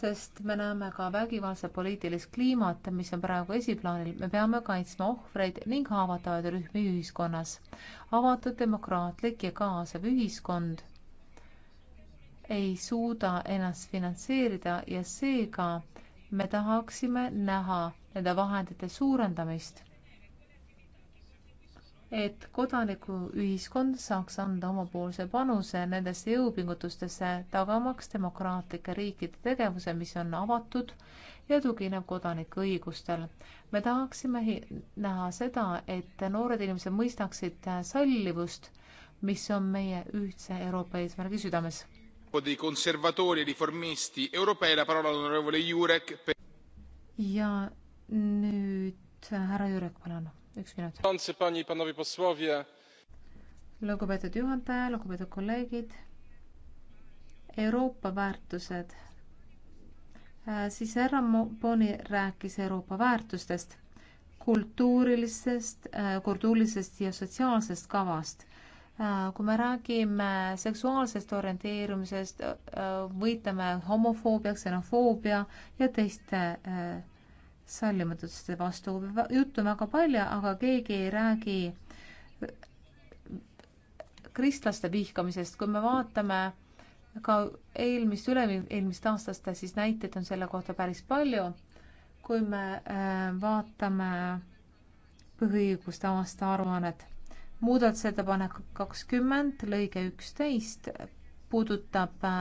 sest me näeme ka vägivaldse poliitilist kliimat, mis on praegu esiplaanil. me peame kaitsma ohvreid ning haavatavaid rühmi ühiskonnas. avatud, demokraatlik ja kaasav ühiskond ei suuda ennast finantseerida ja seega me tahaksime näha nende vahendite suurendamist et kodanikuühiskond saaks anda omapoolse panuse nendesse jõupingutustesse tagamaks demokraatlike riikide tegevuse mis on avatud ja tugineb kodanike õigustel me tahaksime näha seda et noored inimesed mõistaksid sallivust mis on meie ühtse euroopa eesmärgi südames dei konservatiivide ja reformisti europei la parola onorevole Jurek. ja nüüd härra Jurek, palun, üks minut. lugupeetud juhataja, lugupeetud kolleegid. Euroopa väärtused äh,. siis härra Boni rääkis Euroopa väärtustest, kultuurilisest äh,, kultuurilisest ja sotsiaalsest kavast Äh, kui me räägime seksuaalsest orienteerumisest, äh, võitleme homofoobia, ksenofoobia ja teiste äh, sallimatutuse vastu. juttu on väga palju, aga keegi ei räägi kristlaste vihkamisest, kui me vaatame ka eelmist, üle-eelmist aastast, siis näiteid on selle kohta päris palju. kui me vaatame põhiõiguste aasta aruannet muudatusettepanek kakskümmend lõige üksteist puudutab äh,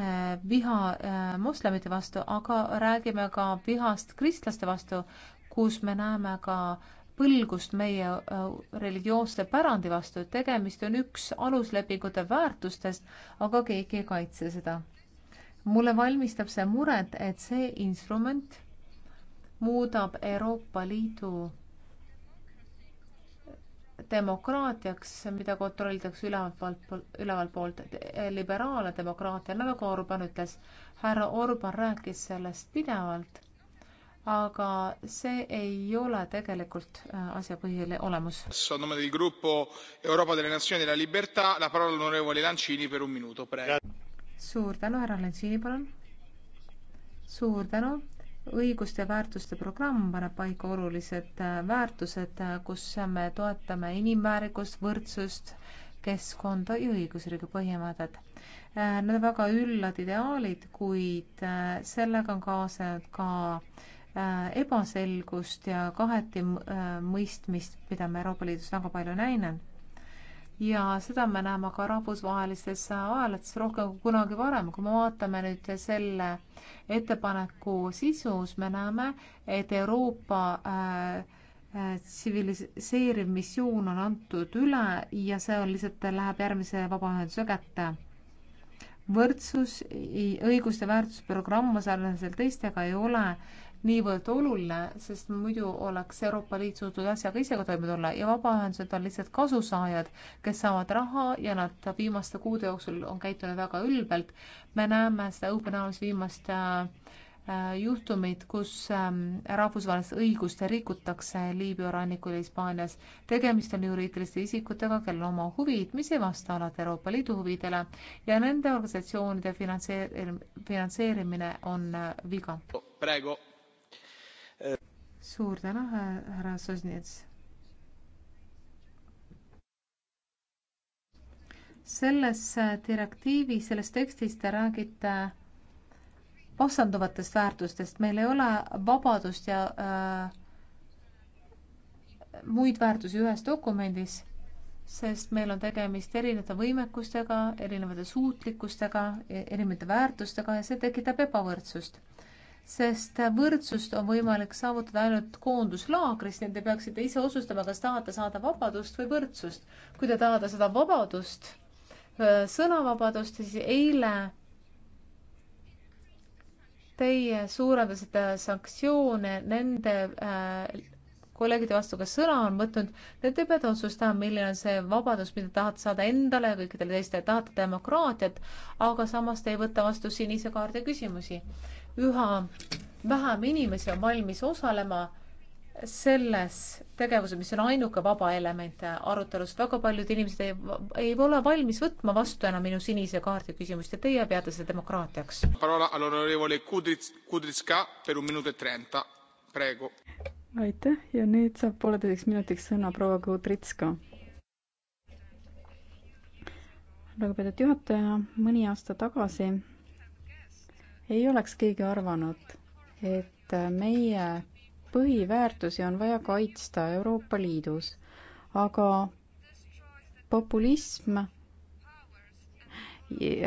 äh, viha äh, moslemite vastu, aga räägime ka vihast kristlaste vastu, kus me näeme ka põlgust meie religioosse pärandi vastu, et tegemist on üks aluslepingute väärtustest, aga keegi ei kaitse seda. mulle valmistab see muret, et see instrument muudab Euroopa Liidu demokraatiaks, mida kontrollitakse ülevalt poolt, ülevalt poolt, liberaalne demokraatia, nagu Orban ütles. härra Orban rääkis sellest pidevalt, aga see ei ole tegelikult äh, asja põhiline olemus. E suur tänu, härra Lantsini, palun. suur tänu õiguste ja väärtuste programm paneb paika olulised äh, väärtused, äh, kus me toetame inimväärikust, võrdsust, keskkonda ja õigusriigi põhimõtet. Äh, need on väga üllad ideaalid, kuid sellega on kaasnenud ka ebaselgust ja kahetimõistmist, mida me Euroopa Liidus väga palju näinud ja seda me näeme ka rahvusvahelistes ajalehtedes rohkem kui kunagi varem. kui me vaatame nüüd selle ettepaneku sisu, siis me näeme, et Euroopa tsiviliseeriv äh, äh, missioon on antud üle ja see on lihtsalt, läheb järgmise vabaühenduse kätte. võrdsus, õiguste väärtusprogramm sarnaselt teistega ei ole äh, niivõrd oluline, sest muidu oleks Euroopa Liit suutnud asjaga ise ka toime tulla ja vabaühendused on lihtsalt kasusaajad, kes saavad raha ja nad viimaste kuude jooksul on käitunud väga ülbelt. me näeme seda õupenaos viimast äh, äh juhtumid, kus ähm, rahvusvahelist õigust rikutakse Liibüa rannikul ja Hispaanias. tegemist on juriidiliste isikutega, kellel on oma huvid, mis ei vasta alati Euroopa Liidu huvidele ja nende organisatsioonide finantseer-, finantseerimine on äh, viga. praegu suur tänu, härra Sosnets. selles äh, direktiivis, selles tekstis te räägite vastanduvatest väärtustest, meil ei ole vabadust ja äh, muid väärtusi ühes dokumendis, sest meil on tegemist erinevate võimekustega, erinevate suutlikkustega, e-, erinevate väärtustega ja see tekitab ebavõrdsust sest võrdsust on võimalik saavutada ainult koonduslaagris, nii et te peaksite ise otsustama, kas tahate saada vabadust või võrdsust. kui te tahate seda vabadust, sõnavabadust, siis eile teie suurendasite sanktsioone nende äh, kolleegide vastu, kes sõna on võtnud, te peate otsustama, milline on see vabadus, mida tahate saada endale ja kõikidele teistele, tahate demokraatiat, aga samas te ei võta vastu sinise kaardi küsimusi üha vähem inimesi on valmis osalema selles tegevuses, mis on ainuke vaba element arutelust. väga paljud inimesed ei, ei ole valmis võtma vastu enam minu sinise kaardi küsimust ja teie peate seda demokraatiaks. E aitäh ja nüüd saab pooleteiseks minutiks sõna proua Kudritska. lugupeetud juhataja, mõni aasta tagasi ei oleks keegi arvanud, et meie põhiväärtusi on vaja kaitsta Euroopa Liidus, aga populism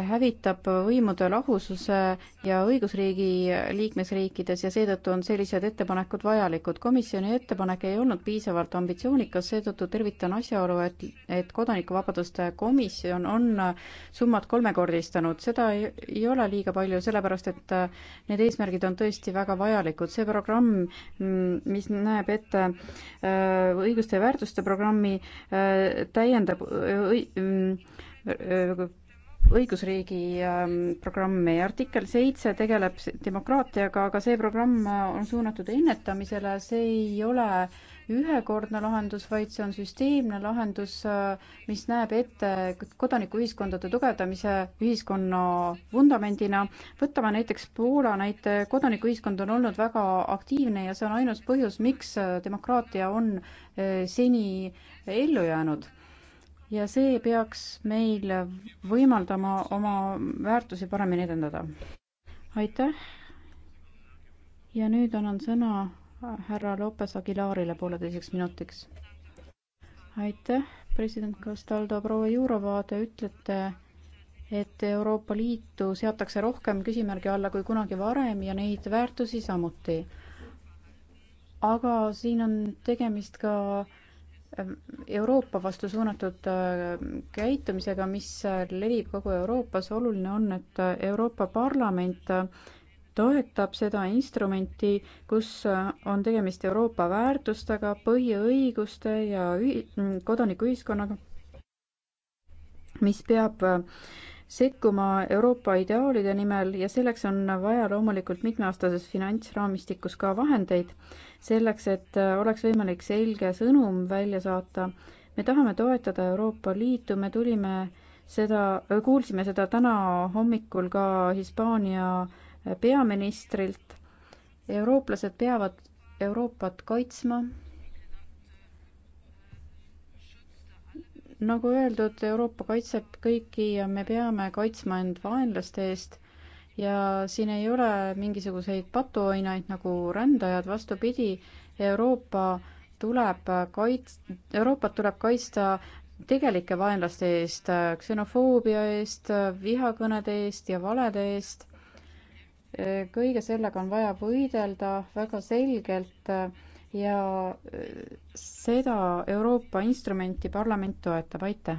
hävitab võimude lahususe ja õigusriigi liikmesriikides ja seetõttu on sellised ettepanekud vajalikud. komisjoni ettepanek ei olnud piisavalt ambitsioonikas, seetõttu tervitan asjaolu, et, et kodanikuvabaduste komisjon on summad kolmekordistanud. seda ei, ei ole liiga palju, sellepärast et need eesmärgid on tõesti väga vajalikud. see programm, mis näeb ette äh, õiguste ja väärtuste programmi, äh, täiendab äh, õi, õigusriigi ähm, programmi. artikkel seitse tegeleb demokraatiaga, aga see programm äh, on suunatud ennetamisele, see ei ole ühekordne lahendus, vaid see on süsteemne lahendus, äh, mis näeb ette kodanikuühiskondade tugevdamise ühiskonna vundamendina. võtame näiteks Poola näite, kodanikuühiskond on olnud väga aktiivne ja see on ainus põhjus, miks äh, demokraatia on seni ellu jäänud ja see peaks meil võimaldama oma väärtusi paremini edendada. aitäh. ja nüüd annan sõna härra Lopes Aguilarile pooleteiseks minutiks. aitäh, president Castaldo, proua Jurova, te ütlete, et Euroopa Liitu seatakse rohkem küsimärgi alla kui kunagi varem ja neid väärtusi samuti. aga siin on tegemist ka äh, Ehm, Euroopa vastu suunatud äh, käitumisega, mis äh, levib kogu Euroopas. oluline on, et äh, Euroopa Parlament toetab seda instrumenti, kus on tegemist Euroopa väärtustega, põhiõiguste ja ühi-, mm, kodanikuühiskonnaga, mis peab sekkuma Euroopa ideaalide nimel ja selleks on vaja loomulikult mitmeaastases finantsraamistikus ka vahendeid, selleks et oleks võimalik selge sõnum välja saata. me tahame toetada Euroopa Liitu, me tulime seda, kuulsime seda täna hommikul ka Hispaania peaministrilt. eurooplased peavad Euroopat kaitsma nagu öeldud, Euroopa kaitseb kõiki ja me peame kaitsma end vaenlaste eest ja siin ei ole mingisuguseid patuoinaid nagu rändajad, vastupidi, Euroopa tuleb kaits-, Euroopat tuleb kaitsta tegelike vaenlaste eest, ksenofoobia eest, vihakõnede eest ja valede eest. kõige sellega on vaja võidelda väga selgelt ja äh, seda Euroopa instrumenti parlament toetab, aitäh!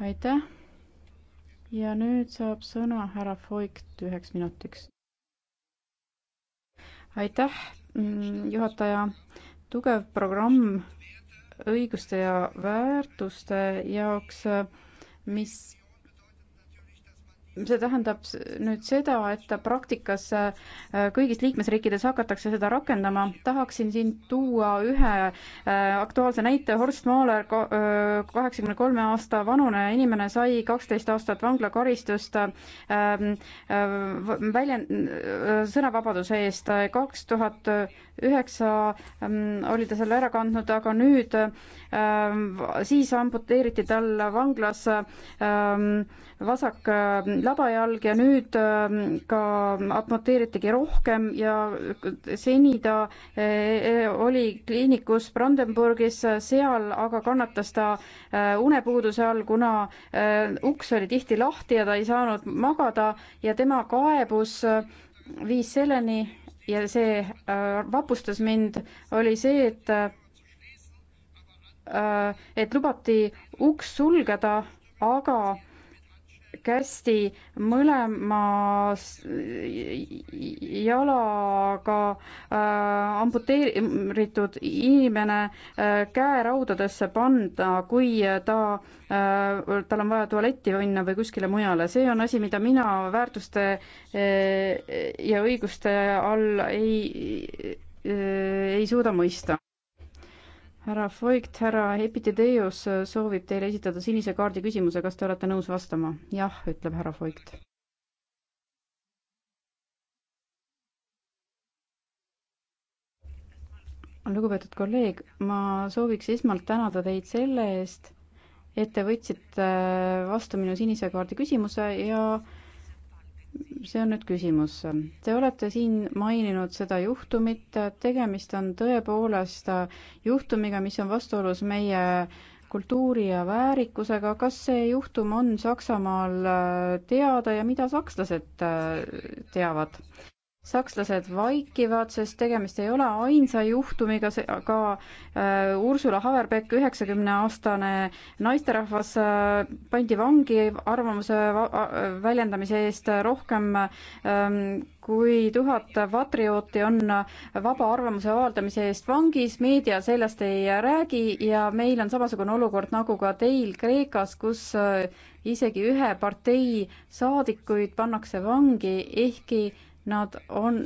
aitäh! ja nüüd saab sõna härra Voigt üheks minutiks. aitäh, mm, juhataja. tugev programm õiguste ja väärtuste jaoks, mis see tähendab nüüd seda, et praktikas äh, kõigis liikmesriikides hakatakse seda rakendama. tahaksin siin tuua ühe äh, aktuaalse näite. Horst Mahler, äh, kaheksakümne kolme aasta vanune inimene, sai kaksteist aastat vanglakaristust välja, sõnavabaduse eest. kaks tuhat üheksa ähm, oli ta selle ära kandnud, aga nüüd, ähm, siis amputeeriti tal vanglas ähm, vasak labajalg ja nüüd ähm, ka atmoteeritigi rohkem ja seni ta äh, äh, oli kliinikus Brandenburgis, seal aga kannatas ta äh, unepuuduse all, kuna uks oli tihti lahti ja ta ei saanud magada ja tema kaebus viis selleni ja see vapustas mind, oli see, et et lubati uks sulgeda, aga kästi mõlema jalaga äh, amputeeritud inimene äh, käeraudadesse panna, kui ta äh,, tal on vaja tualetti minna või kuskile mujale. see on asi, mida mina väärtuste äh, ja õiguste all ei äh,, ei suuda mõista härra Voigt, härra Epitedeios soovib teile esitada sinise kaardi küsimuse, kas te olete nõus vastama? jah, ütleb härra Voigt. lugupeetud kolleeg, ma sooviks esmalt tänada teid selle eest, et te võtsite vastu minu sinise kaardi küsimuse ja äh, see on nüüd küsimus. Te olete siin maininud seda juhtumit, tegemist on tõepoolest juhtumiga, mis on vastuolus meie kultuuri ja väärikusega, kas see juhtum on Saksamaal teada ja mida sakslased teavad? sakslased vaikivad, sest tegemist ei ole ainsa juhtumiga, ka äh, Ursula Haverbeck, üheksakümne aastane naisterahvas äh,, pandi vangi arvamuse va väljendamise eest rohkem ähm, kui tuhat patriooti on vaba arvamuse avaldamise eest vangis, meedia sellest ei räägi ja meil on samasugune olukord nagu ka teil Kreekas, kus äh, isegi ühe partei saadikuid pannakse vangi, ehkki nad on,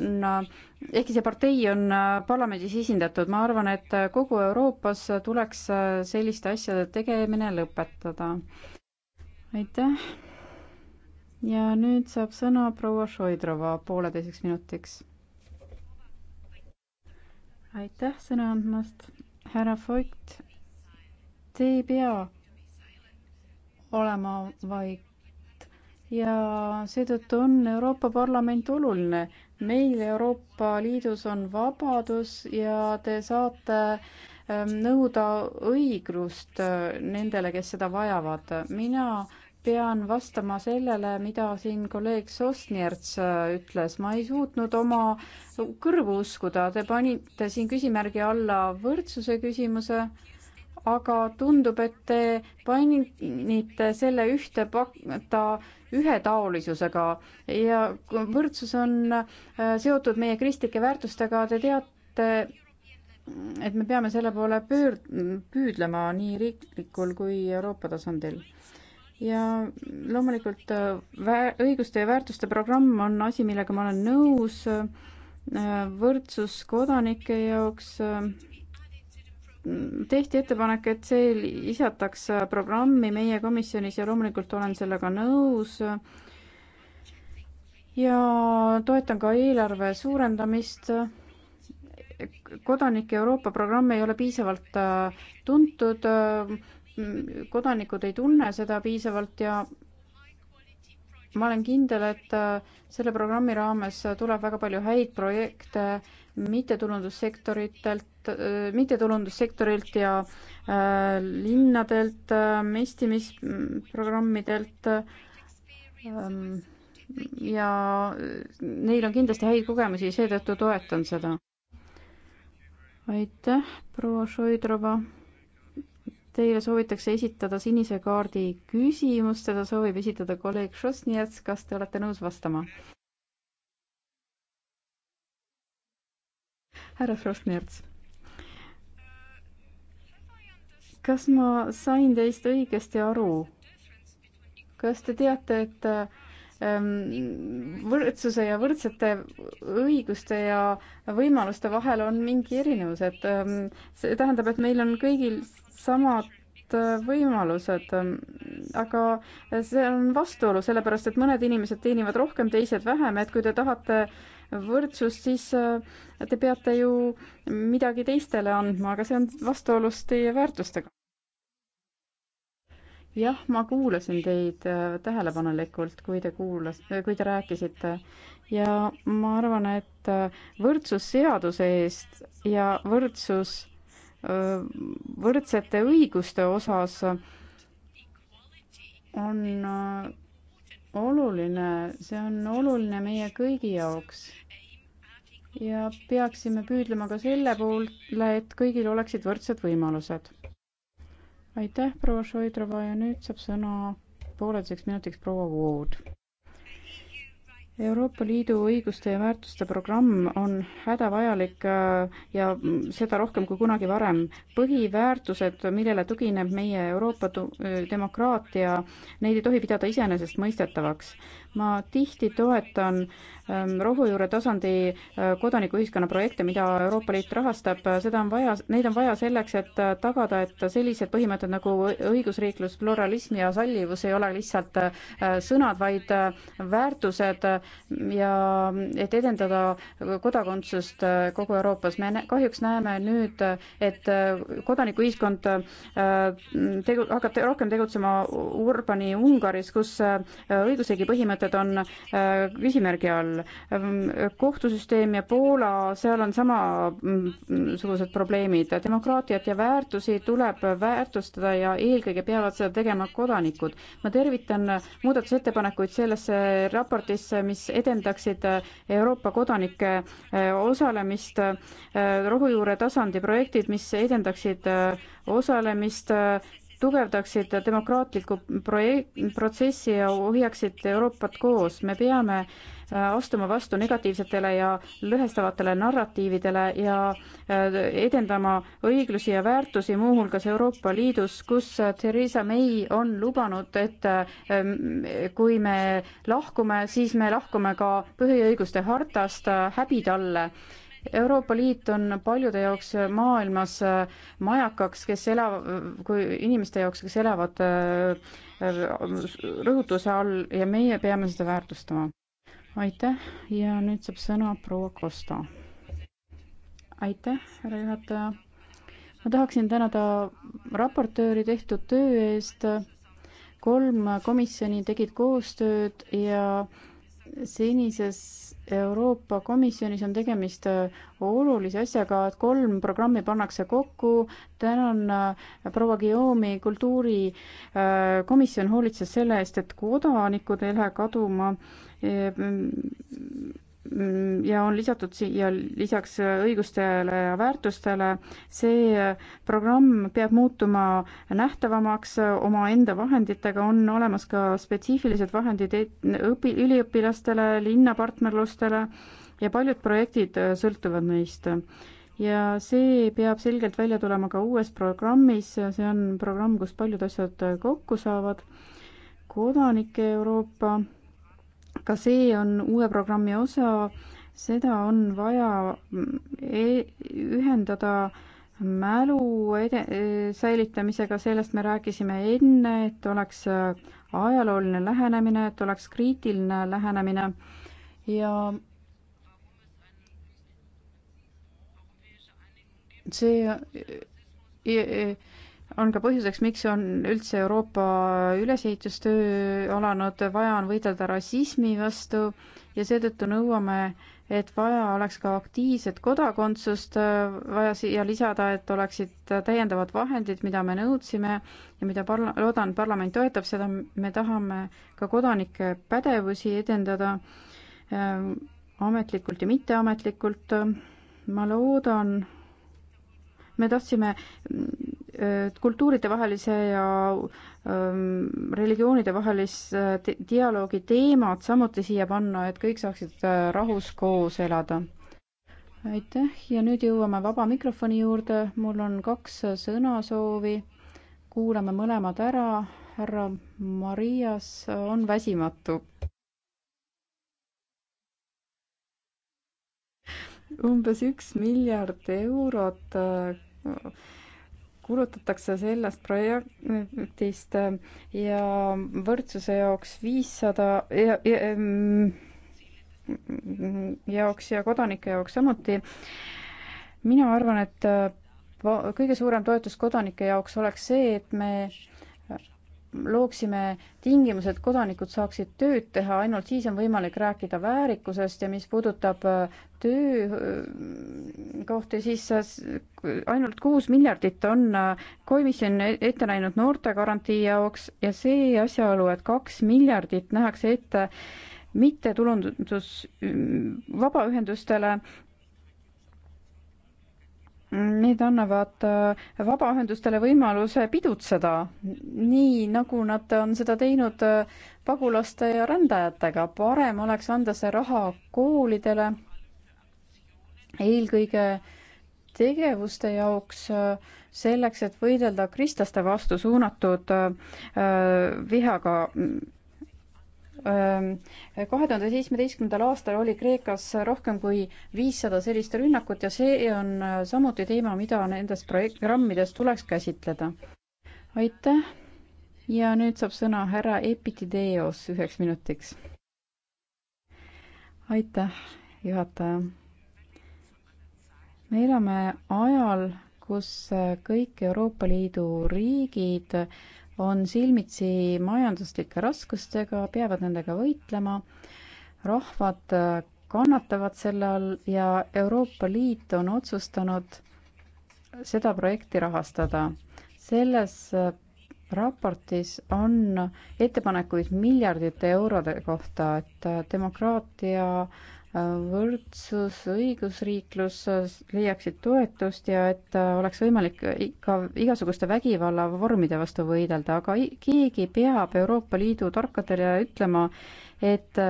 ehkki see partei on parlamendis esindatud, ma arvan, et kogu Euroopas tuleks selliste asjade tegemine lõpetada. aitäh. ja nüüd saab sõna proua Šoidrova pooleteiseks minutiks. aitäh sõna andmast, härra Voigt. Te ei pea olema vaik ja seetõttu on Euroopa Parlament oluline. meil Euroopa Liidus on vabadus ja te saate ähm, nõuda õiglust äh, nendele, kes seda vajavad. mina pean vastama sellele, mida siin kolleeg Sosnjerts äh, ütles. ma ei suutnud oma kõrvu uskuda, te panite siin küsimärgi alla võrdsuse küsimuse aga tundub, et te panite selle ühte pakta ühetaolisusega ja võrdsus on äh, seotud meie kristlike väärtustega, te teate, et me peame selle poole pöörd-, püüdlema nii riiklikul kui Euroopa tasandil ja loomulikult äh, vä-, õiguste ja väärtuste programm on asi, millega ma olen nõus, äh, võrdsus kodanike jaoks äh, tehti ettepanek, et see lisataks programmi meie komisjonis ja loomulikult olen sellega nõus. ja toetan ka eelarve suurendamist. kodanike Euroopa programm ei ole piisavalt äh, tuntud, kodanikud ei tunne seda piisavalt ja ma olen kindel, et äh, selle programmi raames tuleb väga palju häid projekte mittetulundussektoritelt, Äh, mittetulundussektorilt ja äh, linnadelt äh,, mestimisprogrammidelt ähm, ja neil on kindlasti häid kogemusi, seetõttu toetan seda. aitäh, proua Šoidrova. Teile soovitakse esitada sinise kaardi küsimus, seda soovib esitada kolleeg Šosnjärts, kas te olete nõus vastama? härra Šosnjärts kas ma sain teist õigesti aru? kas te teate, et ähm, võrdsuse ja võrdsete õiguste ja võimaluste vahel on mingi erinevus, et ähm, see tähendab, et meil on kõigil samad äh, võimalused, ähm, aga see on vastuolu, sellepärast et mõned inimesed teenivad rohkem, teised vähem, et kui te tahate äh, võrdsust, siis äh, te peate ju midagi teistele andma, aga see on vastuolus teie väärtustega. jah, ma kuulasin teid äh, tähelepanelikult, kui te kuulas, äh, kui te rääkisite ja ma arvan, et võrdsus seaduse eest ja võrdsus võrdsete õiguste osas on oluline, see on oluline meie kõigi jaoks ja peaksime püüdlema ka selle poole, et kõigil oleksid võrdsed võimalused. aitäh, proua Šoidrova ja nüüd saab sõna pooleteiseks minutiks proua Wood. Euroopa Liidu õiguste ja väärtuste programm on hädavajalik äh, ja seda rohkem kui kunagi varem. põhiväärtused, millele tugineb meie Euroopa demokraatia, neid ei tohi pidada iseenesestmõistetavaks ma tihti toetan ähm, rohujuure tasandi äh, kodanikuühiskonna projekte, mida Euroopa Liit rahastab, seda on vaja, neid on vaja selleks, et äh, tagada, et sellised põhimõtted nagu õigusriiklus, pluralism ja sallivus ei ole lihtsalt äh, sõnad, vaid väärtused ja et edendada kodakondsust kogu Euroopas. me kahjuks näeme nüüd, et kodanikuühiskond tegu-, hakkab rohkem tegutsema Urbani Ungaris, kus õigusriigi põhimõtted ettevõtted on äh, küsimärgi all. kohtusüsteem ja Poola, seal on samasugused probleemid. demokraatiat ja väärtusi tuleb väärtustada ja eelkõige peavad seda tegema kodanikud. ma tervitan muudatusettepanekuid sellesse raportisse, mis edendaksid Euroopa kodanike äh, osalemist, äh, rohujuure tasandi projektid, mis edendaksid osalemist tugevdaksid demokraatlikku projekt, protsessi ja hoiaksid Euroopat koos. me peame äh, astuma vastu negatiivsetele ja lõhestavatele narratiividele ja äh, edendama õiglusi ja väärtusi, muuhulgas Euroopa Liidus, kus äh, Theresa May on lubanud, et ähm, kui me lahkume, siis me lahkume ka põhiõiguste hartast, häbi talle Euroopa Liit on paljude jaoks maailmas majakaks, kes elavad, kui inimeste jaoks, kes elavad äh, rõhutuse all ja meie peame seda väärtustama. aitäh ja nüüd saab sõna proua Kosta. aitäh, härra juhataja. ma tahaksin tänada raportööri tehtud töö eest. kolm komisjoni tegid koostööd ja senises Euroopa Komisjonis on tegemist äh, olulise asjaga, et kolm programmi pannakse kokku. tänan äh, proua Guillaume'i kultuurikomisjon äh, hoolitses selle eest, et kodanikud ei lähe kaduma. Eh, Mm, ja on lisatud siia lisaks õigustele ja väärtustele, see äh, programm peab muutuma nähtavamaks äh, omaenda vahenditega, on olemas ka spetsiifilised vahendid e- õpi-, üliõpilastele, linnapartnerlustele ja paljud projektid äh, sõltuvad neist ja see peab selgelt välja tulema ka uues programmis, see on programm, kus paljud asjad kokku saavad, kodanike Euroopa ka see on uue programmi osa, seda on vaja mm, e ühendada mälu ede-, e, säilitamisega, sellest me rääkisime enne, et oleks äh, ajalooline lähenemine, et oleks kriitiline lähenemine ja see e, e, on ka põhjuseks, miks on üldse Euroopa ülesehitustöö alanud, vaja on võidelda rassismi vastu ja seetõttu nõuame, et vaja oleks ka aktiivset kodakondsust äh, vaja siia lisada, et oleksid täiendavad vahendid, mida me nõudsime ja mida parla-, loodan, parlament toetab seda, me tahame ka kodanike pädevusi edendada äh, ametlikult ja mitteametlikult. ma loodan, me tahtsime kultuuride vahelise ja ähm, religioonide vahelise dialoogi teemad samuti siia panna, et kõik saaksid äh, rahus koos elada. aitäh ja nüüd jõuame vaba mikrofoni juurde, mul on kaks sõnasoovi. kuulame mõlemad ära, härra Marias on väsimatu umbes üks miljard eurot äh, kulutatakse sellest projektist äh, ja võrdsuse jaoks viissada ja, ja, mm, jaoks ja kodanike jaoks samuti. mina arvan, et äh, kõige suurem toetus kodanike jaoks oleks see, et me looksime tingimused, kodanikud saaksid tööd teha, ainult siis on võimalik rääkida väärikusest ja mis puudutab äh, töökohti, äh, siis äh, ainult kuus miljardit on komisjon e-, ette näinud noortegarantii jaoks ja see asjaolu, et kaks miljardit nähakse ette mittetulundus, vabaühendustele need annavad äh, vabaühendustele võimaluse pidutseda, nii nagu nad on seda teinud äh, pagulaste ja rändajatega. parem oleks anda see raha koolidele, eelkõige tegevuste jaoks, äh, selleks, et võidelda kristlaste vastu suunatud vihaga Ehm, kahe tuhande seitsmeteistkümnendal aastal oli Kreekas rohkem kui viissada sellist rünnakut ja see on äh, samuti teema, mida nendes programmides tuleks käsitleda. aitäh ja nüüd saab sõna härra Epitideos üheks minutiks. aitäh, juhataja. me elame ajal, kus äh, kõik Euroopa Liidu riigid on silmitsi majanduslike raskustega, peavad nendega võitlema, rahvad äh, kannatavad selle all ja Euroopa Liit on otsustanud seda projekti rahastada. selles äh, raportis on ettepanekuid miljardite eurode kohta, et äh, demokraatia võrdsus, õigusriiklus leiaksid toetust ja et oleks võimalik ka igasuguste vägivalla vormide vastu võidelda, aga keegi peab Euroopa Liidu tarkadele ütlema, et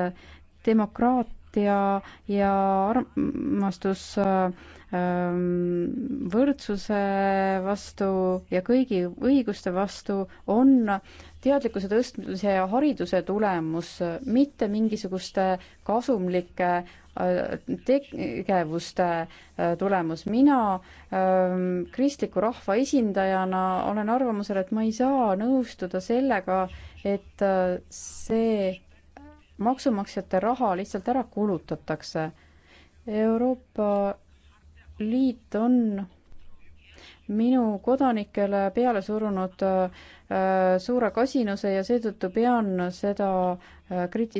demokraat demokraatia ja armastus äh, ähm, võrdsuse vastu ja kõigi õiguste vastu on teadlikkuse tõstmise ja hariduse tulemus, mitte mingisuguste kasumlike äh, tegevuste äh, tulemus. mina ähm, kristliku rahva esindajana olen arvamusel, et ma ei saa nõustuda sellega, et see maksumaksjate raha lihtsalt ära kulutatakse. Euroopa Liit on minu kodanikele peale surunud äh, suure kasinuse ja seetõttu pean seda äh, kritiseerima